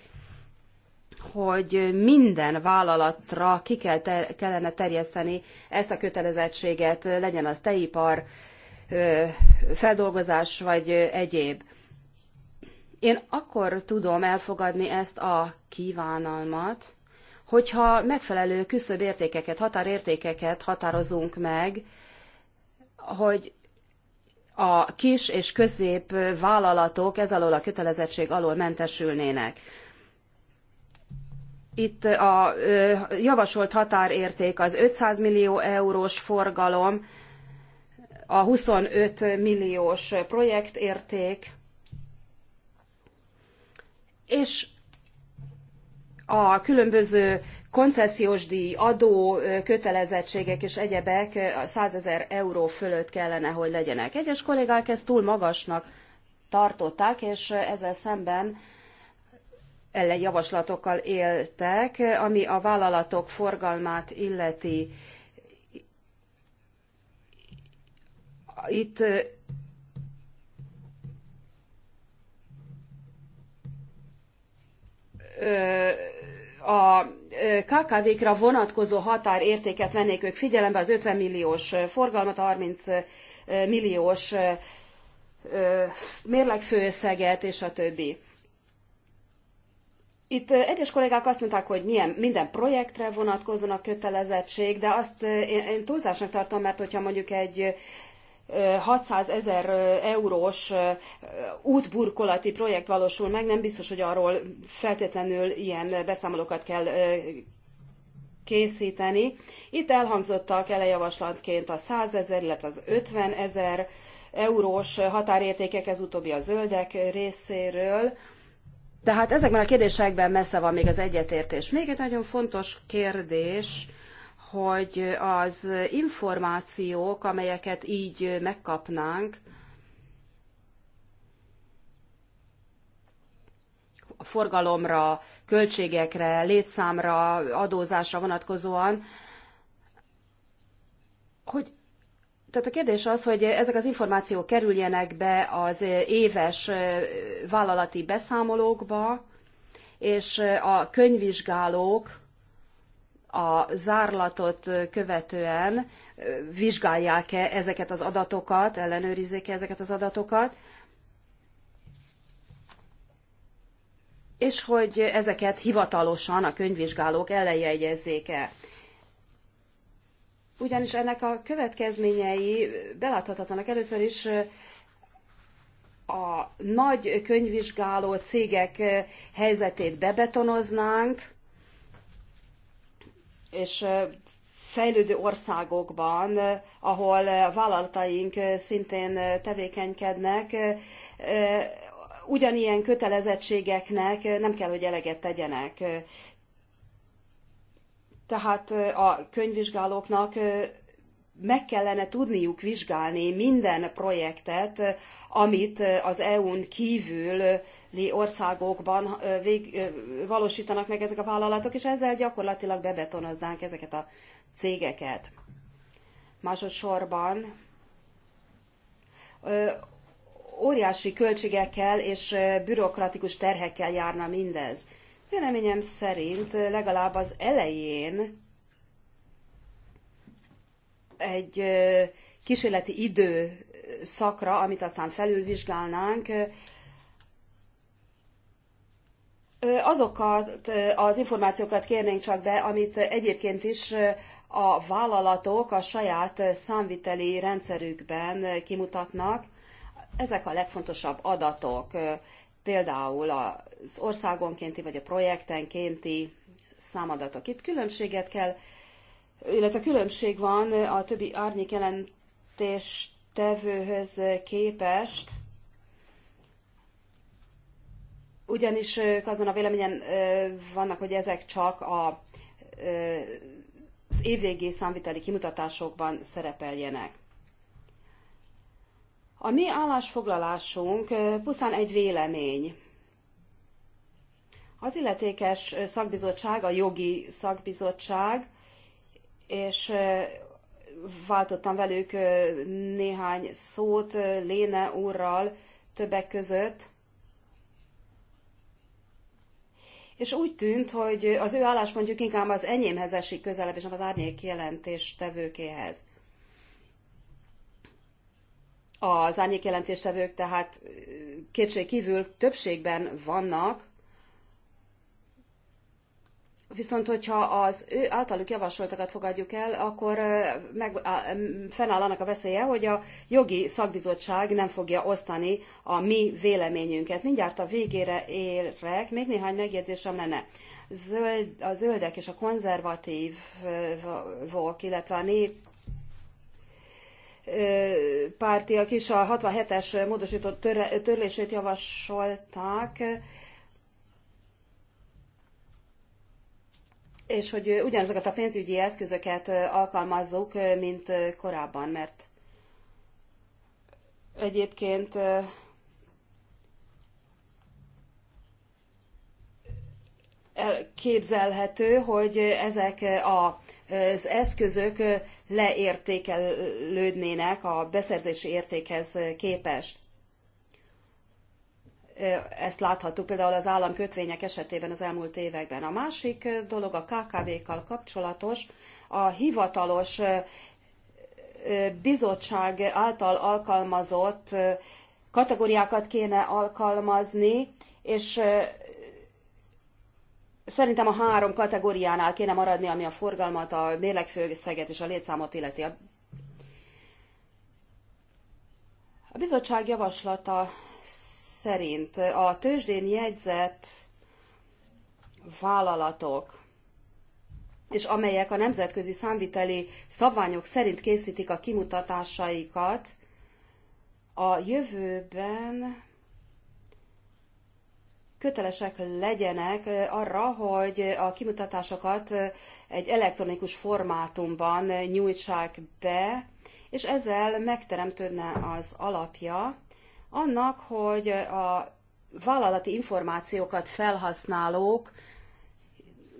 A: hogy minden vállalatra ki kell ter- kellene terjeszteni ezt a kötelezettséget, legyen az teipar, feldolgozás vagy egyéb. Én akkor tudom elfogadni ezt a kívánalmat, hogyha megfelelő küszöbértékeket, határértékeket határozunk meg, hogy a kis és közép vállalatok ez alól a kötelezettség alól mentesülnének. Itt a javasolt határérték az 500 millió eurós forgalom, a 25 milliós projektérték, és a különböző koncesziós díj, adó, kötelezettségek és egyebek 100 ezer euró fölött kellene, hogy legyenek. Egyes kollégák ezt túl magasnak tartották, és ezzel szemben ellen javaslatokkal éltek, ami a vállalatok forgalmát illeti. Itt ö, a KKV-kra vonatkozó határértéket vennék ők figyelembe, az 50 milliós forgalmat, a 30 milliós mérlegfőösszeget és a többi. Itt egyes kollégák azt mondták, hogy milyen, minden projektre vonatkozzon a kötelezettség, de azt én, én túlzásnak tartom, mert hogyha mondjuk egy 600 ezer eurós útburkolati projekt valósul meg, nem biztos, hogy arról feltétlenül ilyen beszámolókat kell készíteni. Itt elhangzottak elejavaslatként a 100 ezer, illetve az 50 ezer eurós határértékek, ez utóbbi a zöldek részéről. Tehát ezekben a kérdésekben messze van még az egyetértés. Még egy nagyon fontos kérdés, hogy az információk, amelyeket így megkapnánk, a forgalomra, költségekre, létszámra, adózásra vonatkozóan, hogy tehát a kérdés az, hogy ezek az információk kerüljenek be az éves vállalati beszámolókba, és a könyvvizsgálók a zárlatot követően vizsgálják-e ezeket az adatokat, ellenőrizik-e ezeket az adatokat, és hogy ezeket hivatalosan a könyvvizsgálók ellenjegyezzék-e. Ugyanis ennek a következményei beláthatatlanak először is a nagy könyvvizsgáló cégek helyzetét bebetonoznánk, és fejlődő országokban, ahol a vállalataink szintén tevékenykednek, ugyanilyen kötelezettségeknek nem kell, hogy eleget tegyenek. Tehát a könyvvizsgálóknak meg kellene tudniuk vizsgálni minden projektet, amit az EU-n kívüli országokban vég, valósítanak meg ezek a vállalatok, és ezzel gyakorlatilag bebetonoznánk ezeket a cégeket. Másodszorban óriási költségekkel és bürokratikus terhekkel járna mindez. Véleményem szerint legalább az elején egy kísérleti idő szakra, amit aztán felülvizsgálnánk, azokat az információkat kérnénk csak be, amit egyébként is a vállalatok a saját számviteli rendszerükben kimutatnak. Ezek a legfontosabb adatok, például az országonkénti vagy a projektenkénti számadatok. Itt különbséget kell illetve különbség van a többi árnyék jelentés tevőhöz képest, ugyanis ők azon a véleményen vannak, hogy ezek csak a, az évvégi számviteli kimutatásokban szerepeljenek. A mi állásfoglalásunk pusztán egy vélemény. Az illetékes szakbizottság, a jogi szakbizottság és váltottam velük néhány szót Léne úrral többek között, és úgy tűnt, hogy az ő álláspontjuk inkább az enyémhez esik közelebb, és nem az árnyék jelentés tevőkéhez. Az árnyék tevők tehát kétség kívül többségben vannak, Viszont, hogyha az ő általuk javasoltakat fogadjuk el, akkor meg, fennáll annak a veszélye, hogy a jogi szakbizottság nem fogja osztani a mi véleményünket. Mindjárt a végére érek, még néhány megjegyzésem lenne. Zöld, a zöldek és a konzervatív volt, illetve a nép pártiak is a 67-es módosított törlését javasolták és hogy ugyanazokat a pénzügyi eszközöket alkalmazzuk, mint korábban, mert egyébként elképzelhető, hogy ezek az eszközök leértékelődnének a beszerzési értékhez képest. Ezt láthattuk például az államkötvények esetében az elmúlt években. A másik dolog a KKV-kkal kapcsolatos, a hivatalos bizottság által alkalmazott kategóriákat kéne alkalmazni, és szerintem a három kategóriánál kéne maradni, ami a forgalmat, a mérlegfőszeget és a létszámot illeti. A bizottság javaslata szerint a tőzsdén jegyzett vállalatok, és amelyek a nemzetközi számviteli szabványok szerint készítik a kimutatásaikat, a jövőben kötelesek legyenek arra, hogy a kimutatásokat egy elektronikus formátumban nyújtsák be, és ezzel megteremtődne az alapja annak, hogy a vállalati információkat felhasználók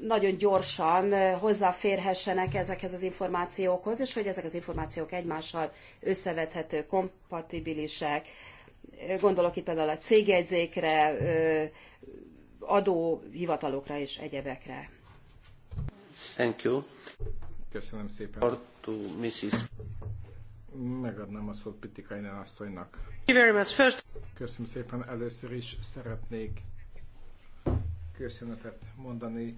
A: nagyon gyorsan hozzáférhessenek ezekhez az információkhoz, és hogy ezek az információk egymással összevethető, kompatibilisek. Gondolok itt például a cégjegyzékre, adóhivatalokra és egyebekre.
B: Thank you. Köszönöm szépen. To Mrs megadnám a szót Pitikainen asszonynak. Köszönöm szépen. Először is szeretnék köszönetet mondani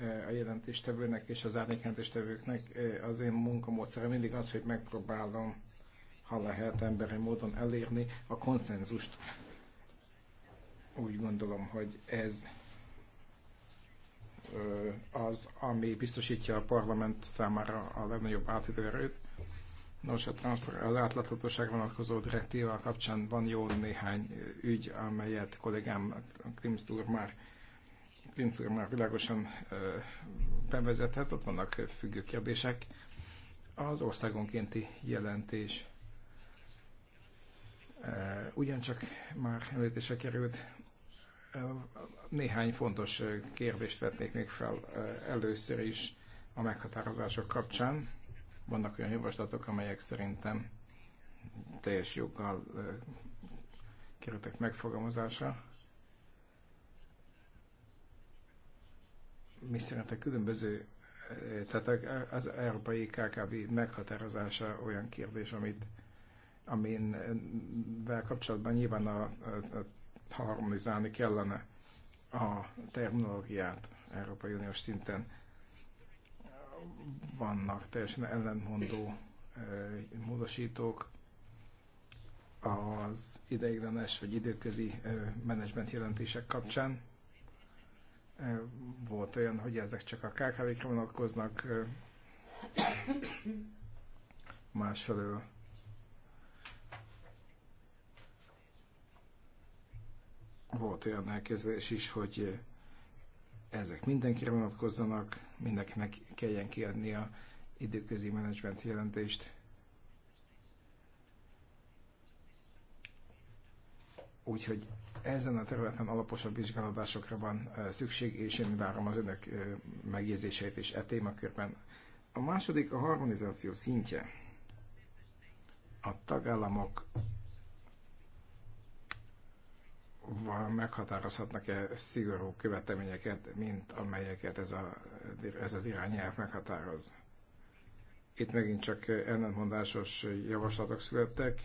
B: eh, a jelentéstevőnek és az árnyékjelentéstevőknek. Eh, az én munkamódszerem mindig az, hogy megpróbálom, ha lehet, emberi módon elérni a konszenzust. Úgy gondolom, hogy ez eh, az, ami biztosítja a parlament számára a legnagyobb átütő erőt Nos, a, az átláthatóság vonatkozó direktíva kapcsán van jó néhány ügy, amelyet kollégám Klimsz úr már Klimsz úr már világosan bevezetett, ott vannak függő kérdések. Az országonkénti jelentés ugyancsak már említése került. Néhány fontos kérdést vetnék még fel először is a meghatározások kapcsán. Vannak olyan javaslatok, amelyek szerintem teljes joggal kerültek megfogalmazásra. Mi szerint a különböző, tehát az európai KKB meghatározása olyan kérdés, amit aminvel kapcsolatban nyilván a, a, a harmonizálni kellene a terminológiát Európai Uniós szinten vannak teljesen ellentmondó eh, módosítók az ideiglenes vagy időközi eh, menedzsment jelentések kapcsán. Eh, volt olyan, hogy ezek csak a KKV-kre vonatkoznak, másfelől volt olyan elképzelés is, hogy ezek mindenkire vonatkozzanak, mindenkinek kelljen kiadnia időközi menedzsment jelentést. Úgyhogy ezen a területen alaposabb vizsgálódásokra van szükség, és én várom az önök megjegyzéseit is e témakörben. A második a harmonizáció szintje. A tagállamok meghatározhatnak-e szigorú követelményeket, mint amelyeket ez, a, ez az irányelv meghatároz. Itt megint csak ellentmondásos javaslatok születtek.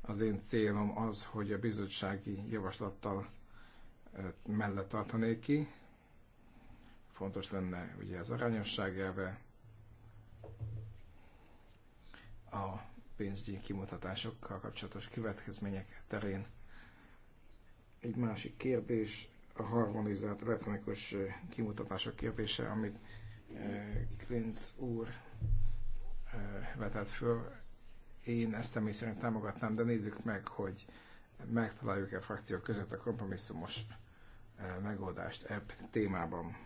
B: Az én célom az, hogy a bizottsági javaslattal mellett tartanék ki. Fontos lenne ugye az arányosság elve, a pénzügyi kimutatásokkal kapcsolatos következmények terén egy másik kérdés, a harmonizált elektronikus kimutatások kérdése, amit Klinz úr vetett föl. Én ezt személy szerint támogatnám, de nézzük meg, hogy megtaláljuk-e a frakciók között a kompromisszumos megoldást ebb témában.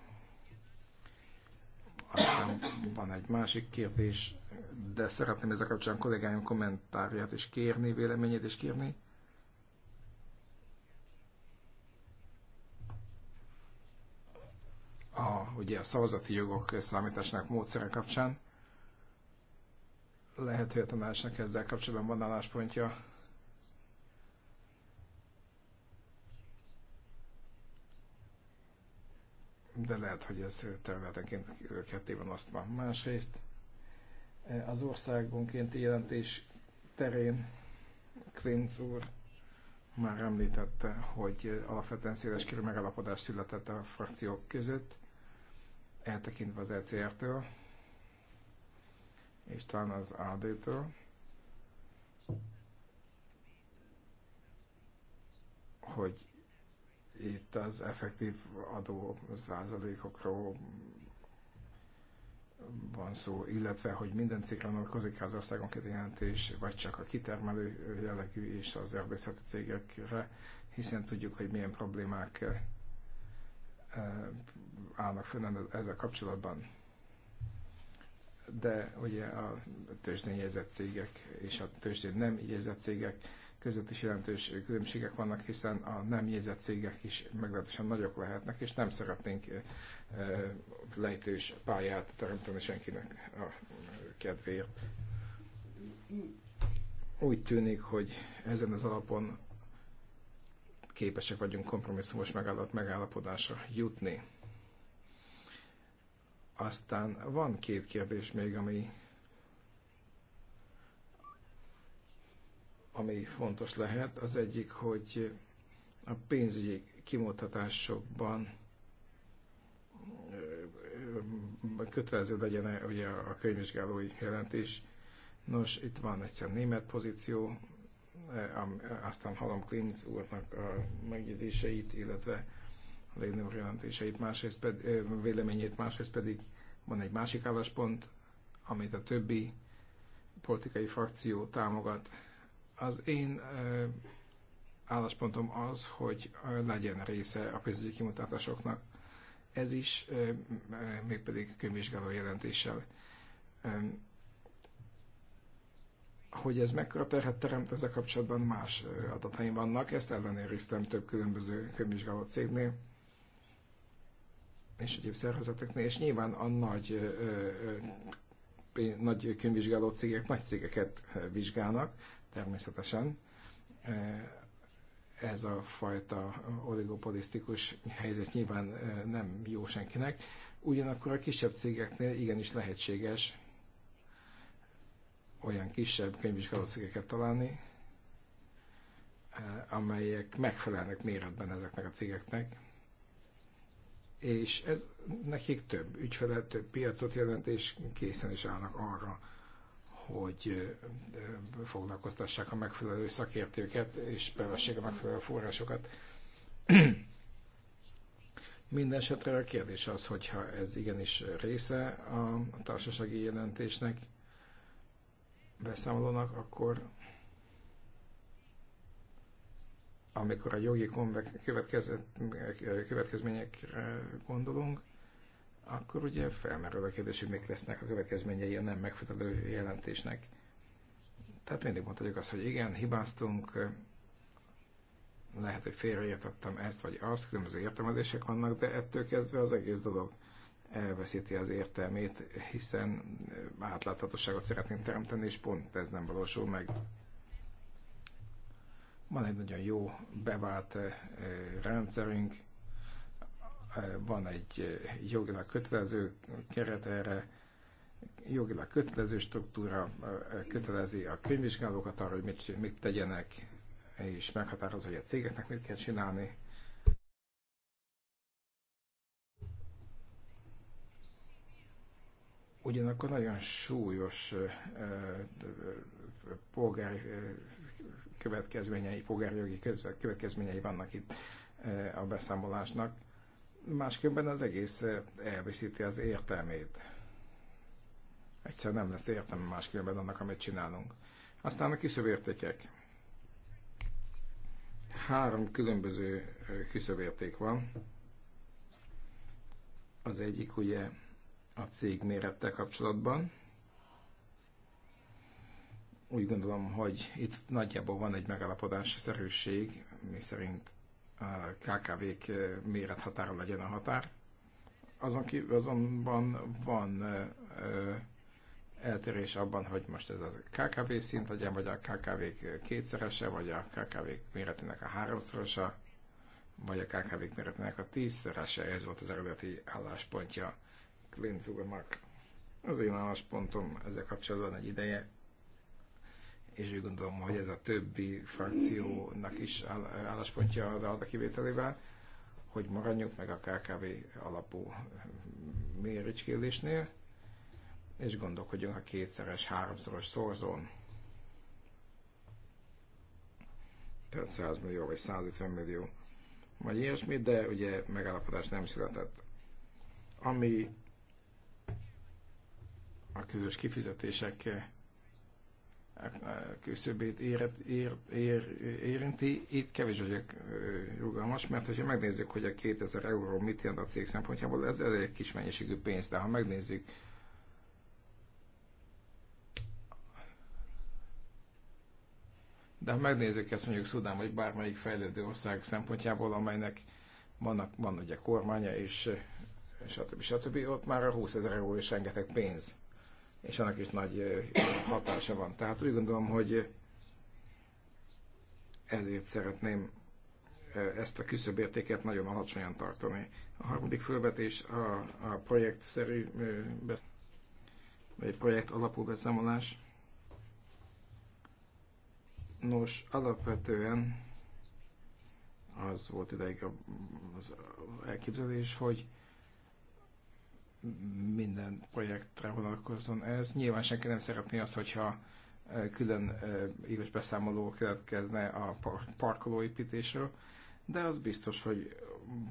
B: Aztán van egy másik kérdés, de szeretném ezzel kapcsolatban kollégáim kommentárját és kérni, véleményét és kérni. a, ugye a szavazati jogok számításának módszere kapcsán. Lehet, hogy a tanácsnak ezzel kapcsolatban van álláspontja. De lehet, hogy ez területenként ketté van osztva. Másrészt e, az országonkénti jelentés terén Klinz úr már említette, hogy alapvetően széles körű megállapodás született a frakciók között eltekintve az ECR-től, és talán az AD-től. hogy itt az effektív adó százalékokról van szó, illetve hogy minden cikkre vonatkozik az országonként jelentés, vagy csak a kitermelő jellegű és az erdészeti cégekre, hiszen tudjuk, hogy milyen problémák Eh, állnak fönn ezzel kapcsolatban. De ugye a tőzsdén jegyzett cégek és a tőzsdén nem jegyzett cégek között is jelentős különbségek vannak, hiszen a nem jegyzett cégek is meglehetősen nagyok lehetnek, és nem szeretnénk eh, lejtős pályát teremteni senkinek a kedvéért. Úgy tűnik, hogy ezen az alapon képesek vagyunk kompromisszumos megállapodásra jutni. Aztán van két kérdés még, ami, ami fontos lehet. Az egyik, hogy a pénzügyi kimutatásokban kötelező legyen ugye a könyvvizsgálói jelentés. Nos, itt van egyszer német pozíció, aztán halom Klinz úrnak a megjegyzéseit, illetve a legnagyobb jelentéseit, másrészt ped, véleményét, másrészt pedig van egy másik álláspont, amit a többi politikai frakció támogat. Az én álláspontom az, hogy legyen része a pénzügyi kimutatásoknak. Ez is mégpedig könyvvizsgáló jelentéssel hogy ez mekkora terhet teremt, ezzel kapcsolatban más adataim vannak, ezt ellenőriztem több különböző könyvvizsgálat cégnél és egyéb szervezeteknél, és nyilván a nagy, nagy könyvvizsgáló cégek nagy cégeket vizsgálnak, természetesen. Ez a fajta oligopolisztikus helyzet nyilván nem jó senkinek, ugyanakkor a kisebb cégeknél igenis lehetséges olyan kisebb könyvvizsgálócégeket találni, eh, amelyek megfelelnek méretben ezeknek a cégeknek, és ez nekik több ügyfele, több piacot jelent, és készen is állnak arra, hogy eh, foglalkoztassák a megfelelő szakértőket, és bevessék a megfelelő forrásokat. Minden esetre a kérdés az, hogyha ez igenis része a társasági jelentésnek, beszámolónak, akkor amikor a jogi következményekre gondolunk, akkor ugye felmerül a kérdés, hogy mik lesznek a következményei a nem megfelelő jelentésnek. Tehát mindig mondhatjuk azt, hogy igen, hibáztunk, lehet, hogy félreértettem ezt vagy azt, különböző értelmezések vannak, de ettől kezdve az egész dolog elveszíti az értelmét, hiszen eh, átláthatóságot szeretnénk teremteni, és pont ez nem valósul meg. Van egy nagyon jó bevált eh, rendszerünk, eh, van egy jogilag kötelező keret erre, jogilag kötelező struktúra kötelezi a könyvvizsgálókat arra, hogy mit, mit tegyenek, és meghatározza, hogy a cégeknek mit kell csinálni. ugyanakkor nagyon súlyos polgári következményei, jogi következményei vannak itt a beszámolásnak. Másképpen az egész elviszíti az értelmét. Egyszerűen nem lesz értelme másképpen annak, amit csinálunk. Aztán a kiszövértékek. Három különböző kiszövérték van. Az egyik ugye a cég mérettel kapcsolatban. Úgy gondolom, hogy itt nagyjából van egy megállapodási szerűség, mi szerint a KKV-k mérethatára legyen a határ. Azon kívül azonban van ö, eltérés abban, hogy most ez a KKV szint legyen, vagy a KKV kétszerese, vagy a KKV méretének a háromszorosa, vagy a KKV méretének a tízszerese, ez volt az eredeti álláspontja Klinc úrnak. Az én álláspontom ezek kapcsolatban egy ideje, és úgy gondolom, hogy ez a többi frakciónak is álláspontja az ALDA kivételével, hogy maradjunk meg a KKV alapú méricskélésnél, és gondolkodjunk a kétszeres, háromszoros szorzón. Tehát 100 millió vagy 150 millió, vagy ilyesmi, de ugye megállapodás nem született. Ami a közös kifizetések eh, eh, küszöbét ér, ér, ér, érinti. Itt kevés vagyok eh, rugalmas, mert ha megnézzük, hogy a 2000 euró mit jelent a cég szempontjából, ez elég kis mennyiségű pénz, de ha megnézzük, de ha megnézzük ezt mondjuk Szudán vagy bármelyik fejlődő ország szempontjából, amelynek vannak, van ugye kormánya és stb. stb. stb. ott már a 20 ezer euró is rengeteg pénz és annak is nagy hatása van. Tehát úgy gondolom, hogy ezért szeretném ezt a küszöbértéket nagyon alacsonyan tartani. A harmadik felvetés a, a szerű, vagy projekt alapú beszámolás. Nos, alapvetően az volt ideig az elképzelés, hogy minden projektre vonatkozzon ez. Nyilván senki nem szeretné azt, hogyha e, külön éves beszámoló keletkezne a parkolóépítésről, de az biztos, hogy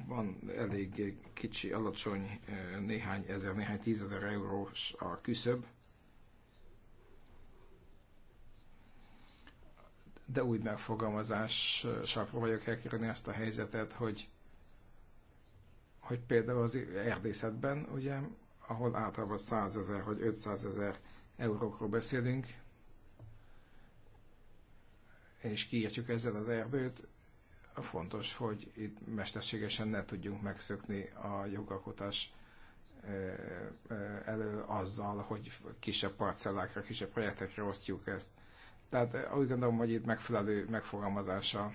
B: van elég kicsi, alacsony, e, néhány ezer, néhány tízezer eurós a küszöb, de úgy megfogalmazással próbáljuk elkerülni azt a helyzetet, hogy hogy például az erdészetben, ugye, ahol általában 100 ezer vagy 500 ezer eurókról beszélünk, és kiírtjuk ezzel az erdőt, fontos, hogy itt mesterségesen ne tudjunk megszökni a jogalkotás elő azzal, hogy kisebb parcellákra, kisebb projektekre osztjuk ezt. Tehát úgy gondolom, hogy itt megfelelő megfogalmazása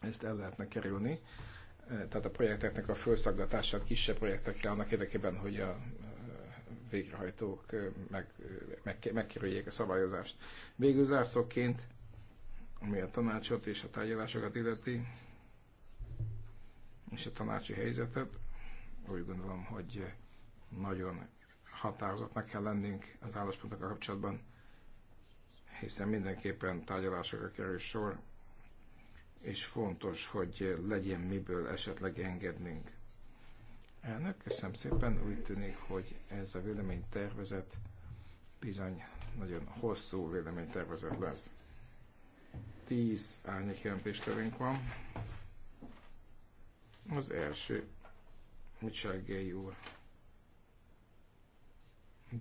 B: ezt el lehetne kerülni tehát a projekteknek a felszaggatását kisebb projektekre annak érdekében, hogy a végrehajtók meg, meg, megkerüljék a szabályozást. Végül zárszóként, ami a tanácsot és a tárgyalásokat illeti, és a tanácsi helyzetet, úgy gondolom, hogy nagyon határozatnak kell lennünk az álláspontokkal kapcsolatban, hiszen mindenképpen tárgyalásokra kerül sor, és fontos, hogy legyen miből esetleg engednünk. Elnök, köszönöm szépen. Úgy tűnik, hogy ez a véleménytervezet bizony nagyon hosszú véleménytervezet lesz. Tíz árnyékjelentéstevőnk van. Az első, Micságei úr.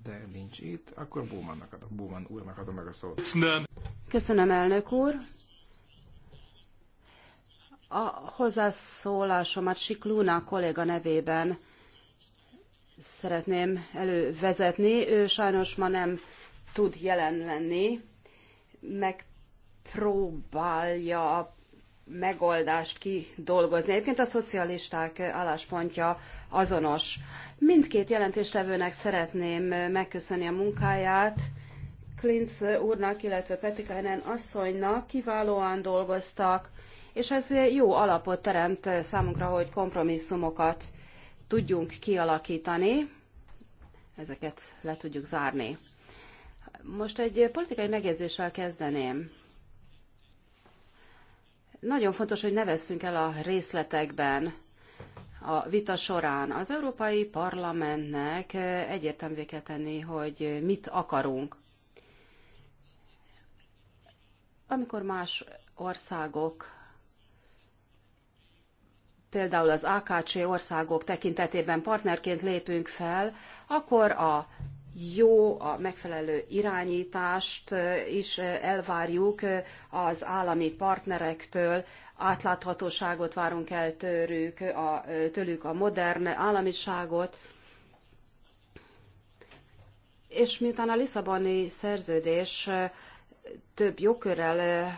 B: De nincs itt, akkor Búmannak adom, Búman úrnak adom meg a szót.
A: Köszönöm, elnök úr. A hozzászólásomat Siklóna kolléga nevében szeretném elővezetni. Ő sajnos ma nem tud jelen lenni. Megpróbálja a megoldást kidolgozni. Egyébként a szocialisták álláspontja azonos. Mindkét jelentéstevőnek szeretném megköszönni a munkáját. Klinz úrnak, illetve Petikainen asszonynak kiválóan dolgoztak, és ez jó alapot teremt számunkra, hogy kompromisszumokat tudjunk kialakítani, ezeket le tudjuk zárni. Most egy politikai megjegyzéssel kezdeném. Nagyon fontos, hogy ne vesszünk el a részletekben a vita során. Az Európai Parlamentnek egyértelművé kell tenni, hogy mit akarunk. Amikor más országok például az AKC országok tekintetében partnerként lépünk fel, akkor a jó, a megfelelő irányítást is elvárjuk az állami partnerektől, átláthatóságot várunk el tőlük, a, tőlük a modern államiságot, és miután a Lisszaboni szerződés több jogkörrel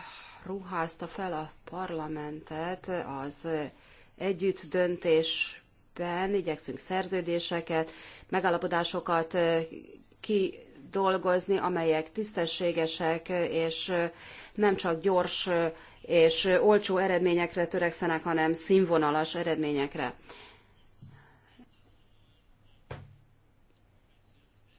A: ruházta fel a parlamentet az együtt döntésben igyekszünk szerződéseket, megállapodásokat kidolgozni, amelyek tisztességesek, és nem csak gyors és olcsó eredményekre törekszenek, hanem színvonalas eredményekre.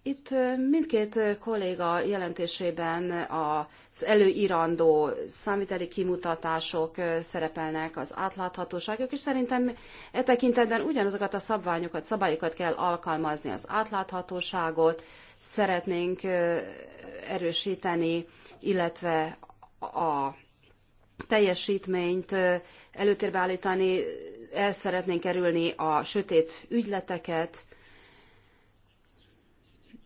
A: Itt mindkét kolléga jelentésében az előírandó számviteli kimutatások szerepelnek, az átláthatóságok, és szerintem e tekintetben ugyanazokat a szabványokat, szabályokat kell alkalmazni. Az átláthatóságot szeretnénk erősíteni, illetve a teljesítményt előtérbe állítani, el szeretnénk kerülni a sötét ügyleteket,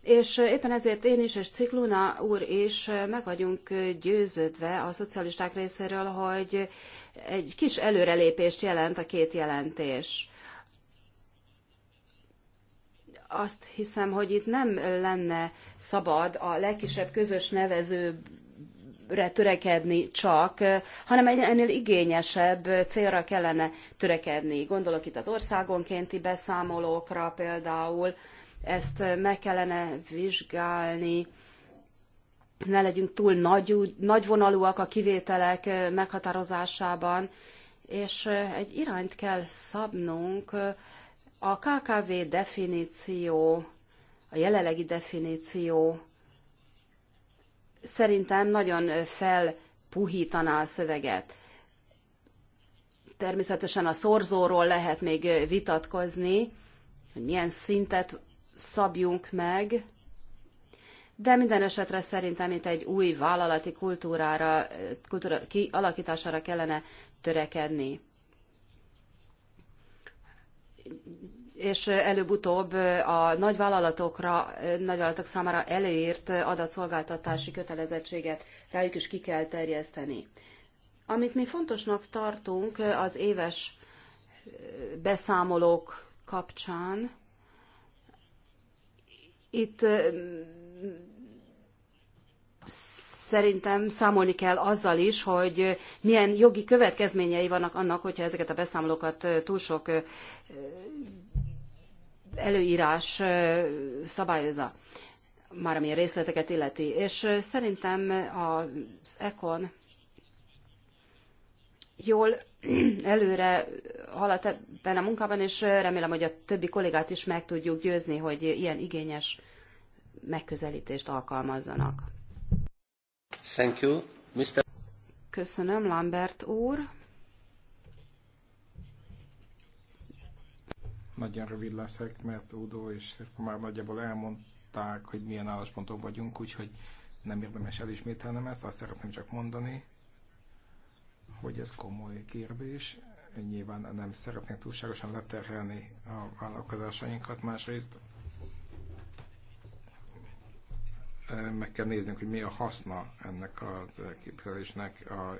A: és éppen ezért én is, és Cikluna úr is meg vagyunk győződve a szocialisták részéről, hogy egy kis előrelépést jelent a két jelentés. Azt hiszem, hogy itt nem lenne szabad a legkisebb közös nevező törekedni csak, hanem egy ennél igényesebb célra kellene törekedni. Gondolok itt az országonkénti beszámolókra például, ezt meg kellene vizsgálni, ne legyünk túl nagy, nagyvonalúak a kivételek meghatározásában, és egy irányt kell szabnunk. A KKV definíció, a jelenlegi definíció szerintem nagyon felpuhítaná a szöveget. Természetesen a szorzóról lehet még vitatkozni, hogy milyen szintet szabjunk meg, de minden esetre szerintem itt egy új vállalati kultúrára, kultúra kialakítására kellene törekedni. És előbb-utóbb a nagyvállalatokra, nagyvállalatok számára előírt adatszolgáltatási kötelezettséget rájuk is ki kell terjeszteni. Amit mi fontosnak tartunk az éves beszámolók kapcsán, itt szerintem számolni kell azzal is, hogy milyen jogi következményei vannak annak, hogyha ezeket a beszámolókat túl sok előírás szabályozza, már ami a részleteket illeti. És szerintem az ECON jól előre haladt ebben a munkában, és remélem, hogy a többi kollégát is meg tudjuk győzni, hogy ilyen igényes megközelítést alkalmazzanak.
B: Thank you. Mr.
A: Köszönöm, Lambert úr.
B: Nagyon rövid leszek, mert Udo és már nagyjából elmondták, hogy milyen állásponton vagyunk, úgyhogy nem érdemes elismételnem ezt, azt szeretném csak mondani, hogy ez komoly kérdés. Nyilván nem szeretnénk túlságosan leterhelni a vállalkozásainkat, másrészt meg kell néznünk, hogy mi a haszna ennek a képzelésnek a,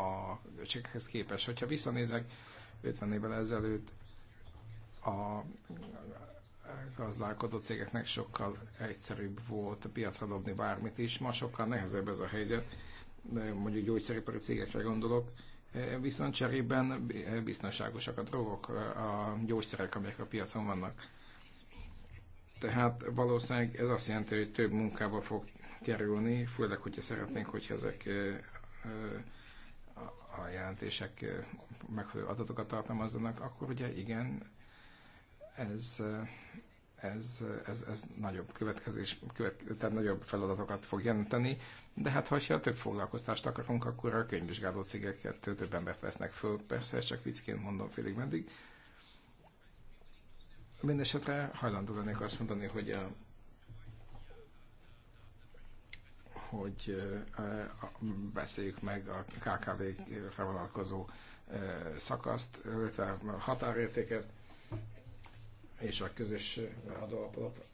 B: a költségekhez képest. Hogyha visszanézek 50 évvel ezelőtt, a gazdálkodó cégeknek sokkal egyszerűbb volt piacra dobni bármit is, ma sokkal nehezebb ez a helyzet mondjuk gyógyszeripari cégekre gondolok, e, viszont cserében e, biztonságosak a drogok, e, a gyógyszerek, amelyek a piacon vannak. Tehát valószínűleg ez azt jelenti, hogy több munkába fog kerülni, főleg, hogyha szeretnénk, hogy ezek a jelentések megfelelő adatokat tartalmazzanak, akkor ugye igen, ez, ez, ez, ez nagyobb következés, követ, tehát nagyobb feladatokat fog jelenteni. De hát, a több foglalkoztást akarunk, akkor a könyvvizsgáló cégeket több embert vesznek föl, persze, csak viccként mondom félig meddig. Mindenesetre hajlandó lennék azt mondani, hogy a, hogy eh, beszéljük meg a KKV-kre vonatkozó eh, szakaszt, illetve a határértéket és a közös adóalapot,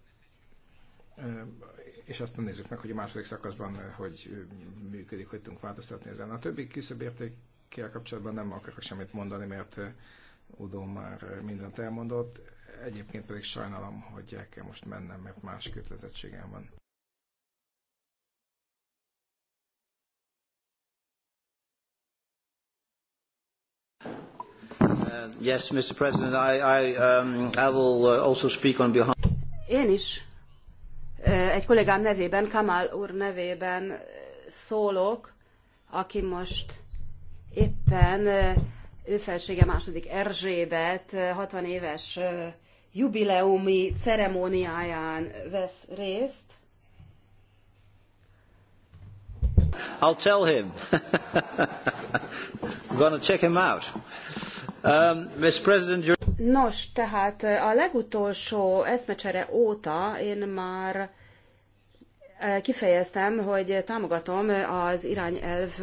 B: és aztán nézzük meg, hogy a második szakaszban hogy működik, hogy tudunk változtatni ezen. A többi értékkel kapcsolatban nem akarok semmit mondani, mert Udo már mindent elmondott. Egyébként pedig sajnálom, hogy el kell most mennem, mert más kötelezettségem
A: van. Uh, yes, Mr. President, I, I, um, I will uh, also speak on behalf. Én is egy kollégám nevében, Kamal úr nevében szólok, aki most éppen ő felsége második Erzsébet 60 éves jubileumi ceremóniáján vesz részt.
B: I'll tell him. I'm gonna check him out. Um, Mr. President,
A: Nos, tehát eh, a legutolsó eszmecsere óta én már eh, kifejeztem, hogy támogatom eh, az irányelv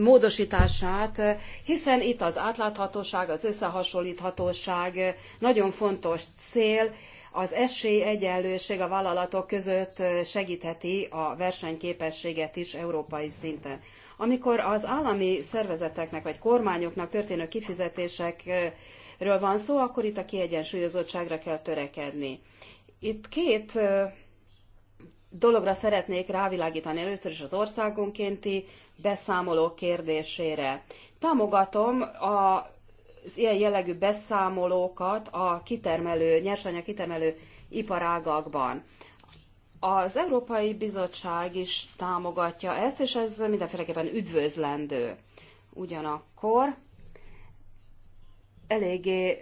A: módosítását, hiszen itt az átláthatóság, az összehasonlíthatóság nagyon fontos cél, az esélyegyenlőség a vállalatok között segítheti a versenyképességet is európai szinten. Amikor az állami szervezeteknek vagy kormányoknak történő kifizetésekről van szó, akkor itt a kiegyensúlyozottságra kell törekedni. Itt két dologra szeretnék rávilágítani először is az országonkénti beszámoló kérdésére. Támogatom a az ilyen jellegű beszámolókat a kitermelő, nyersanyag kitermelő iparágakban. Az Európai Bizottság is támogatja ezt, és ez mindenféleképpen üdvözlendő. Ugyanakkor eléggé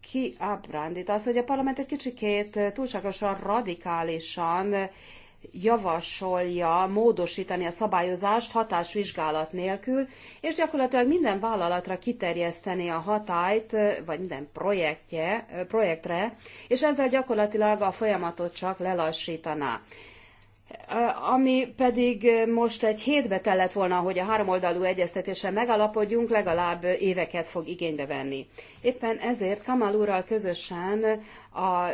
A: kiábrándít az, hogy a parlament egy kicsikét túlságosan radikálisan javasolja módosítani a szabályozást hatásvizsgálat nélkül, és gyakorlatilag minden vállalatra kiterjeszteni a hatályt, vagy minden projektje, projektre, és ezzel gyakorlatilag a folyamatot csak lelassítaná. Ami pedig most egy hétbe tellett volna, hogy a háromoldalú egyeztetésen megalapodjunk, legalább éveket fog igénybe venni. Éppen ezért Kamal úrral közösen a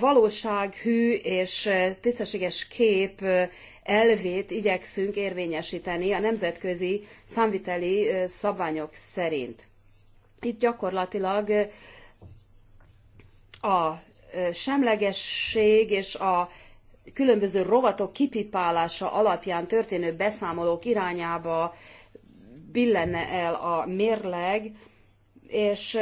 A: valósághű és tisztességes kép elvét igyekszünk érvényesíteni a nemzetközi számviteli szabványok szerint. Itt gyakorlatilag a semlegesség és a különböző rovatok kipipálása alapján történő beszámolók irányába billenne el a mérleg, és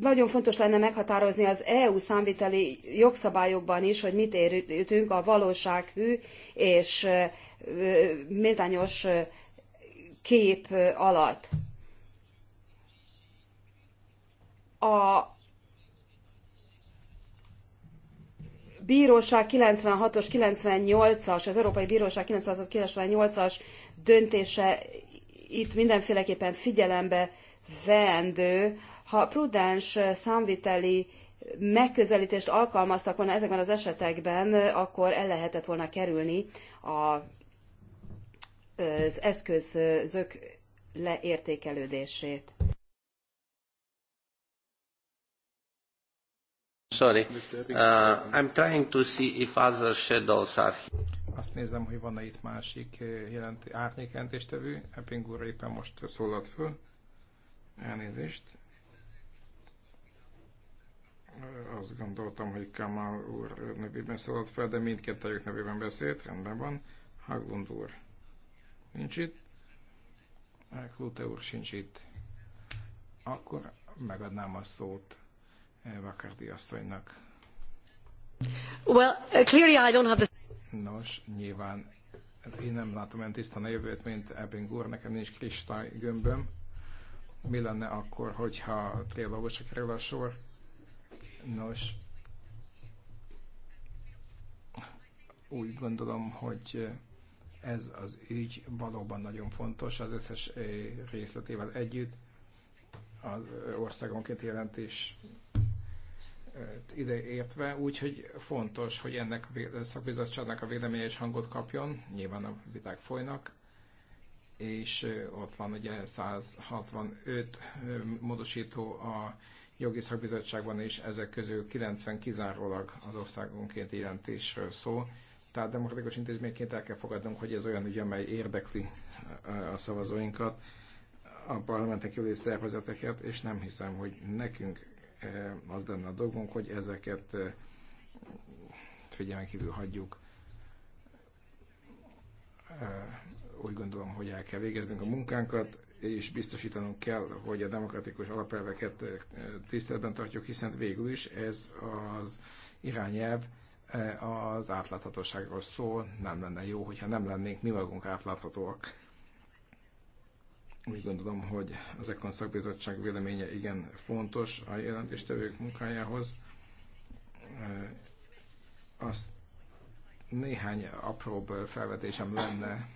A: nagyon fontos lenne meghatározni az EU számviteli jogszabályokban is, hogy mit értünk a valósághű és méltányos kép alatt. A bíróság 96-os, 98-as, az Európai Bíróság 96 98-as döntése itt mindenféleképpen figyelembe veendő, ha prudens eh, számviteli megközelítést alkalmaztak volna ezekben az esetekben, eh, akkor el lehetett volna kerülni a, eh, az eszközök leértékelődését.
B: Sorry, uh, I'm trying to see if other shadows are here. Azt nézem, hogy van-e itt másik jelent, árnyékjelentéstevő. Epping úr éppen most szólalt föl. Elnézést. Azt gondoltam, hogy Kamal úr nevében szólalt fel, de mindkettőjük nevében beszélt, rendben van. Haglund úr nincs itt, Klute úr sincs itt. Akkor megadnám a szót eh, Vakardi asszonynak. Well, uh, clearly I don't have the... Nos, nyilván én nem látom olyan tisztán a jövőt, mint Ebbing úr, nekem nincs kristály gömböm. Mi lenne akkor, hogyha trialógusra kerül a sor? Nos, úgy gondolom, hogy ez az ügy valóban nagyon fontos az összes eh, részletével együtt. Az országonként jelentés eh, ide értve, úgyhogy fontos, hogy ennek a szakbizottságnak a véleménye is hangot kapjon, nyilván a viták folynak, és eh, ott van ugye 165 módosító a jogi szakbizottságban is ezek közül 90 kizárólag az országonként jelentésről szól. Tehát demokratikus intézményként el kell fogadnunk, hogy ez olyan ügy, amely érdekli a szavazóinkat, a parlamentek ülés szervezeteket, és nem hiszem, hogy nekünk az lenne a dolgunk, hogy ezeket figyelmen kívül hagyjuk. Úgy gondolom, hogy el kell végeznünk a munkánkat, és biztosítanunk kell, hogy a demokratikus alapelveket eh, tiszteletben tartjuk, hiszen végül is ez az irányelv eh, az átláthatóságról szól, nem lenne jó, hogyha nem lennénk mi magunk átláthatóak. Úgy gondolom, hogy az Ekon szakbizottság véleménye igen fontos a jelentéstevők munkájához. Eh, azt néhány apróbb felvetésem lenne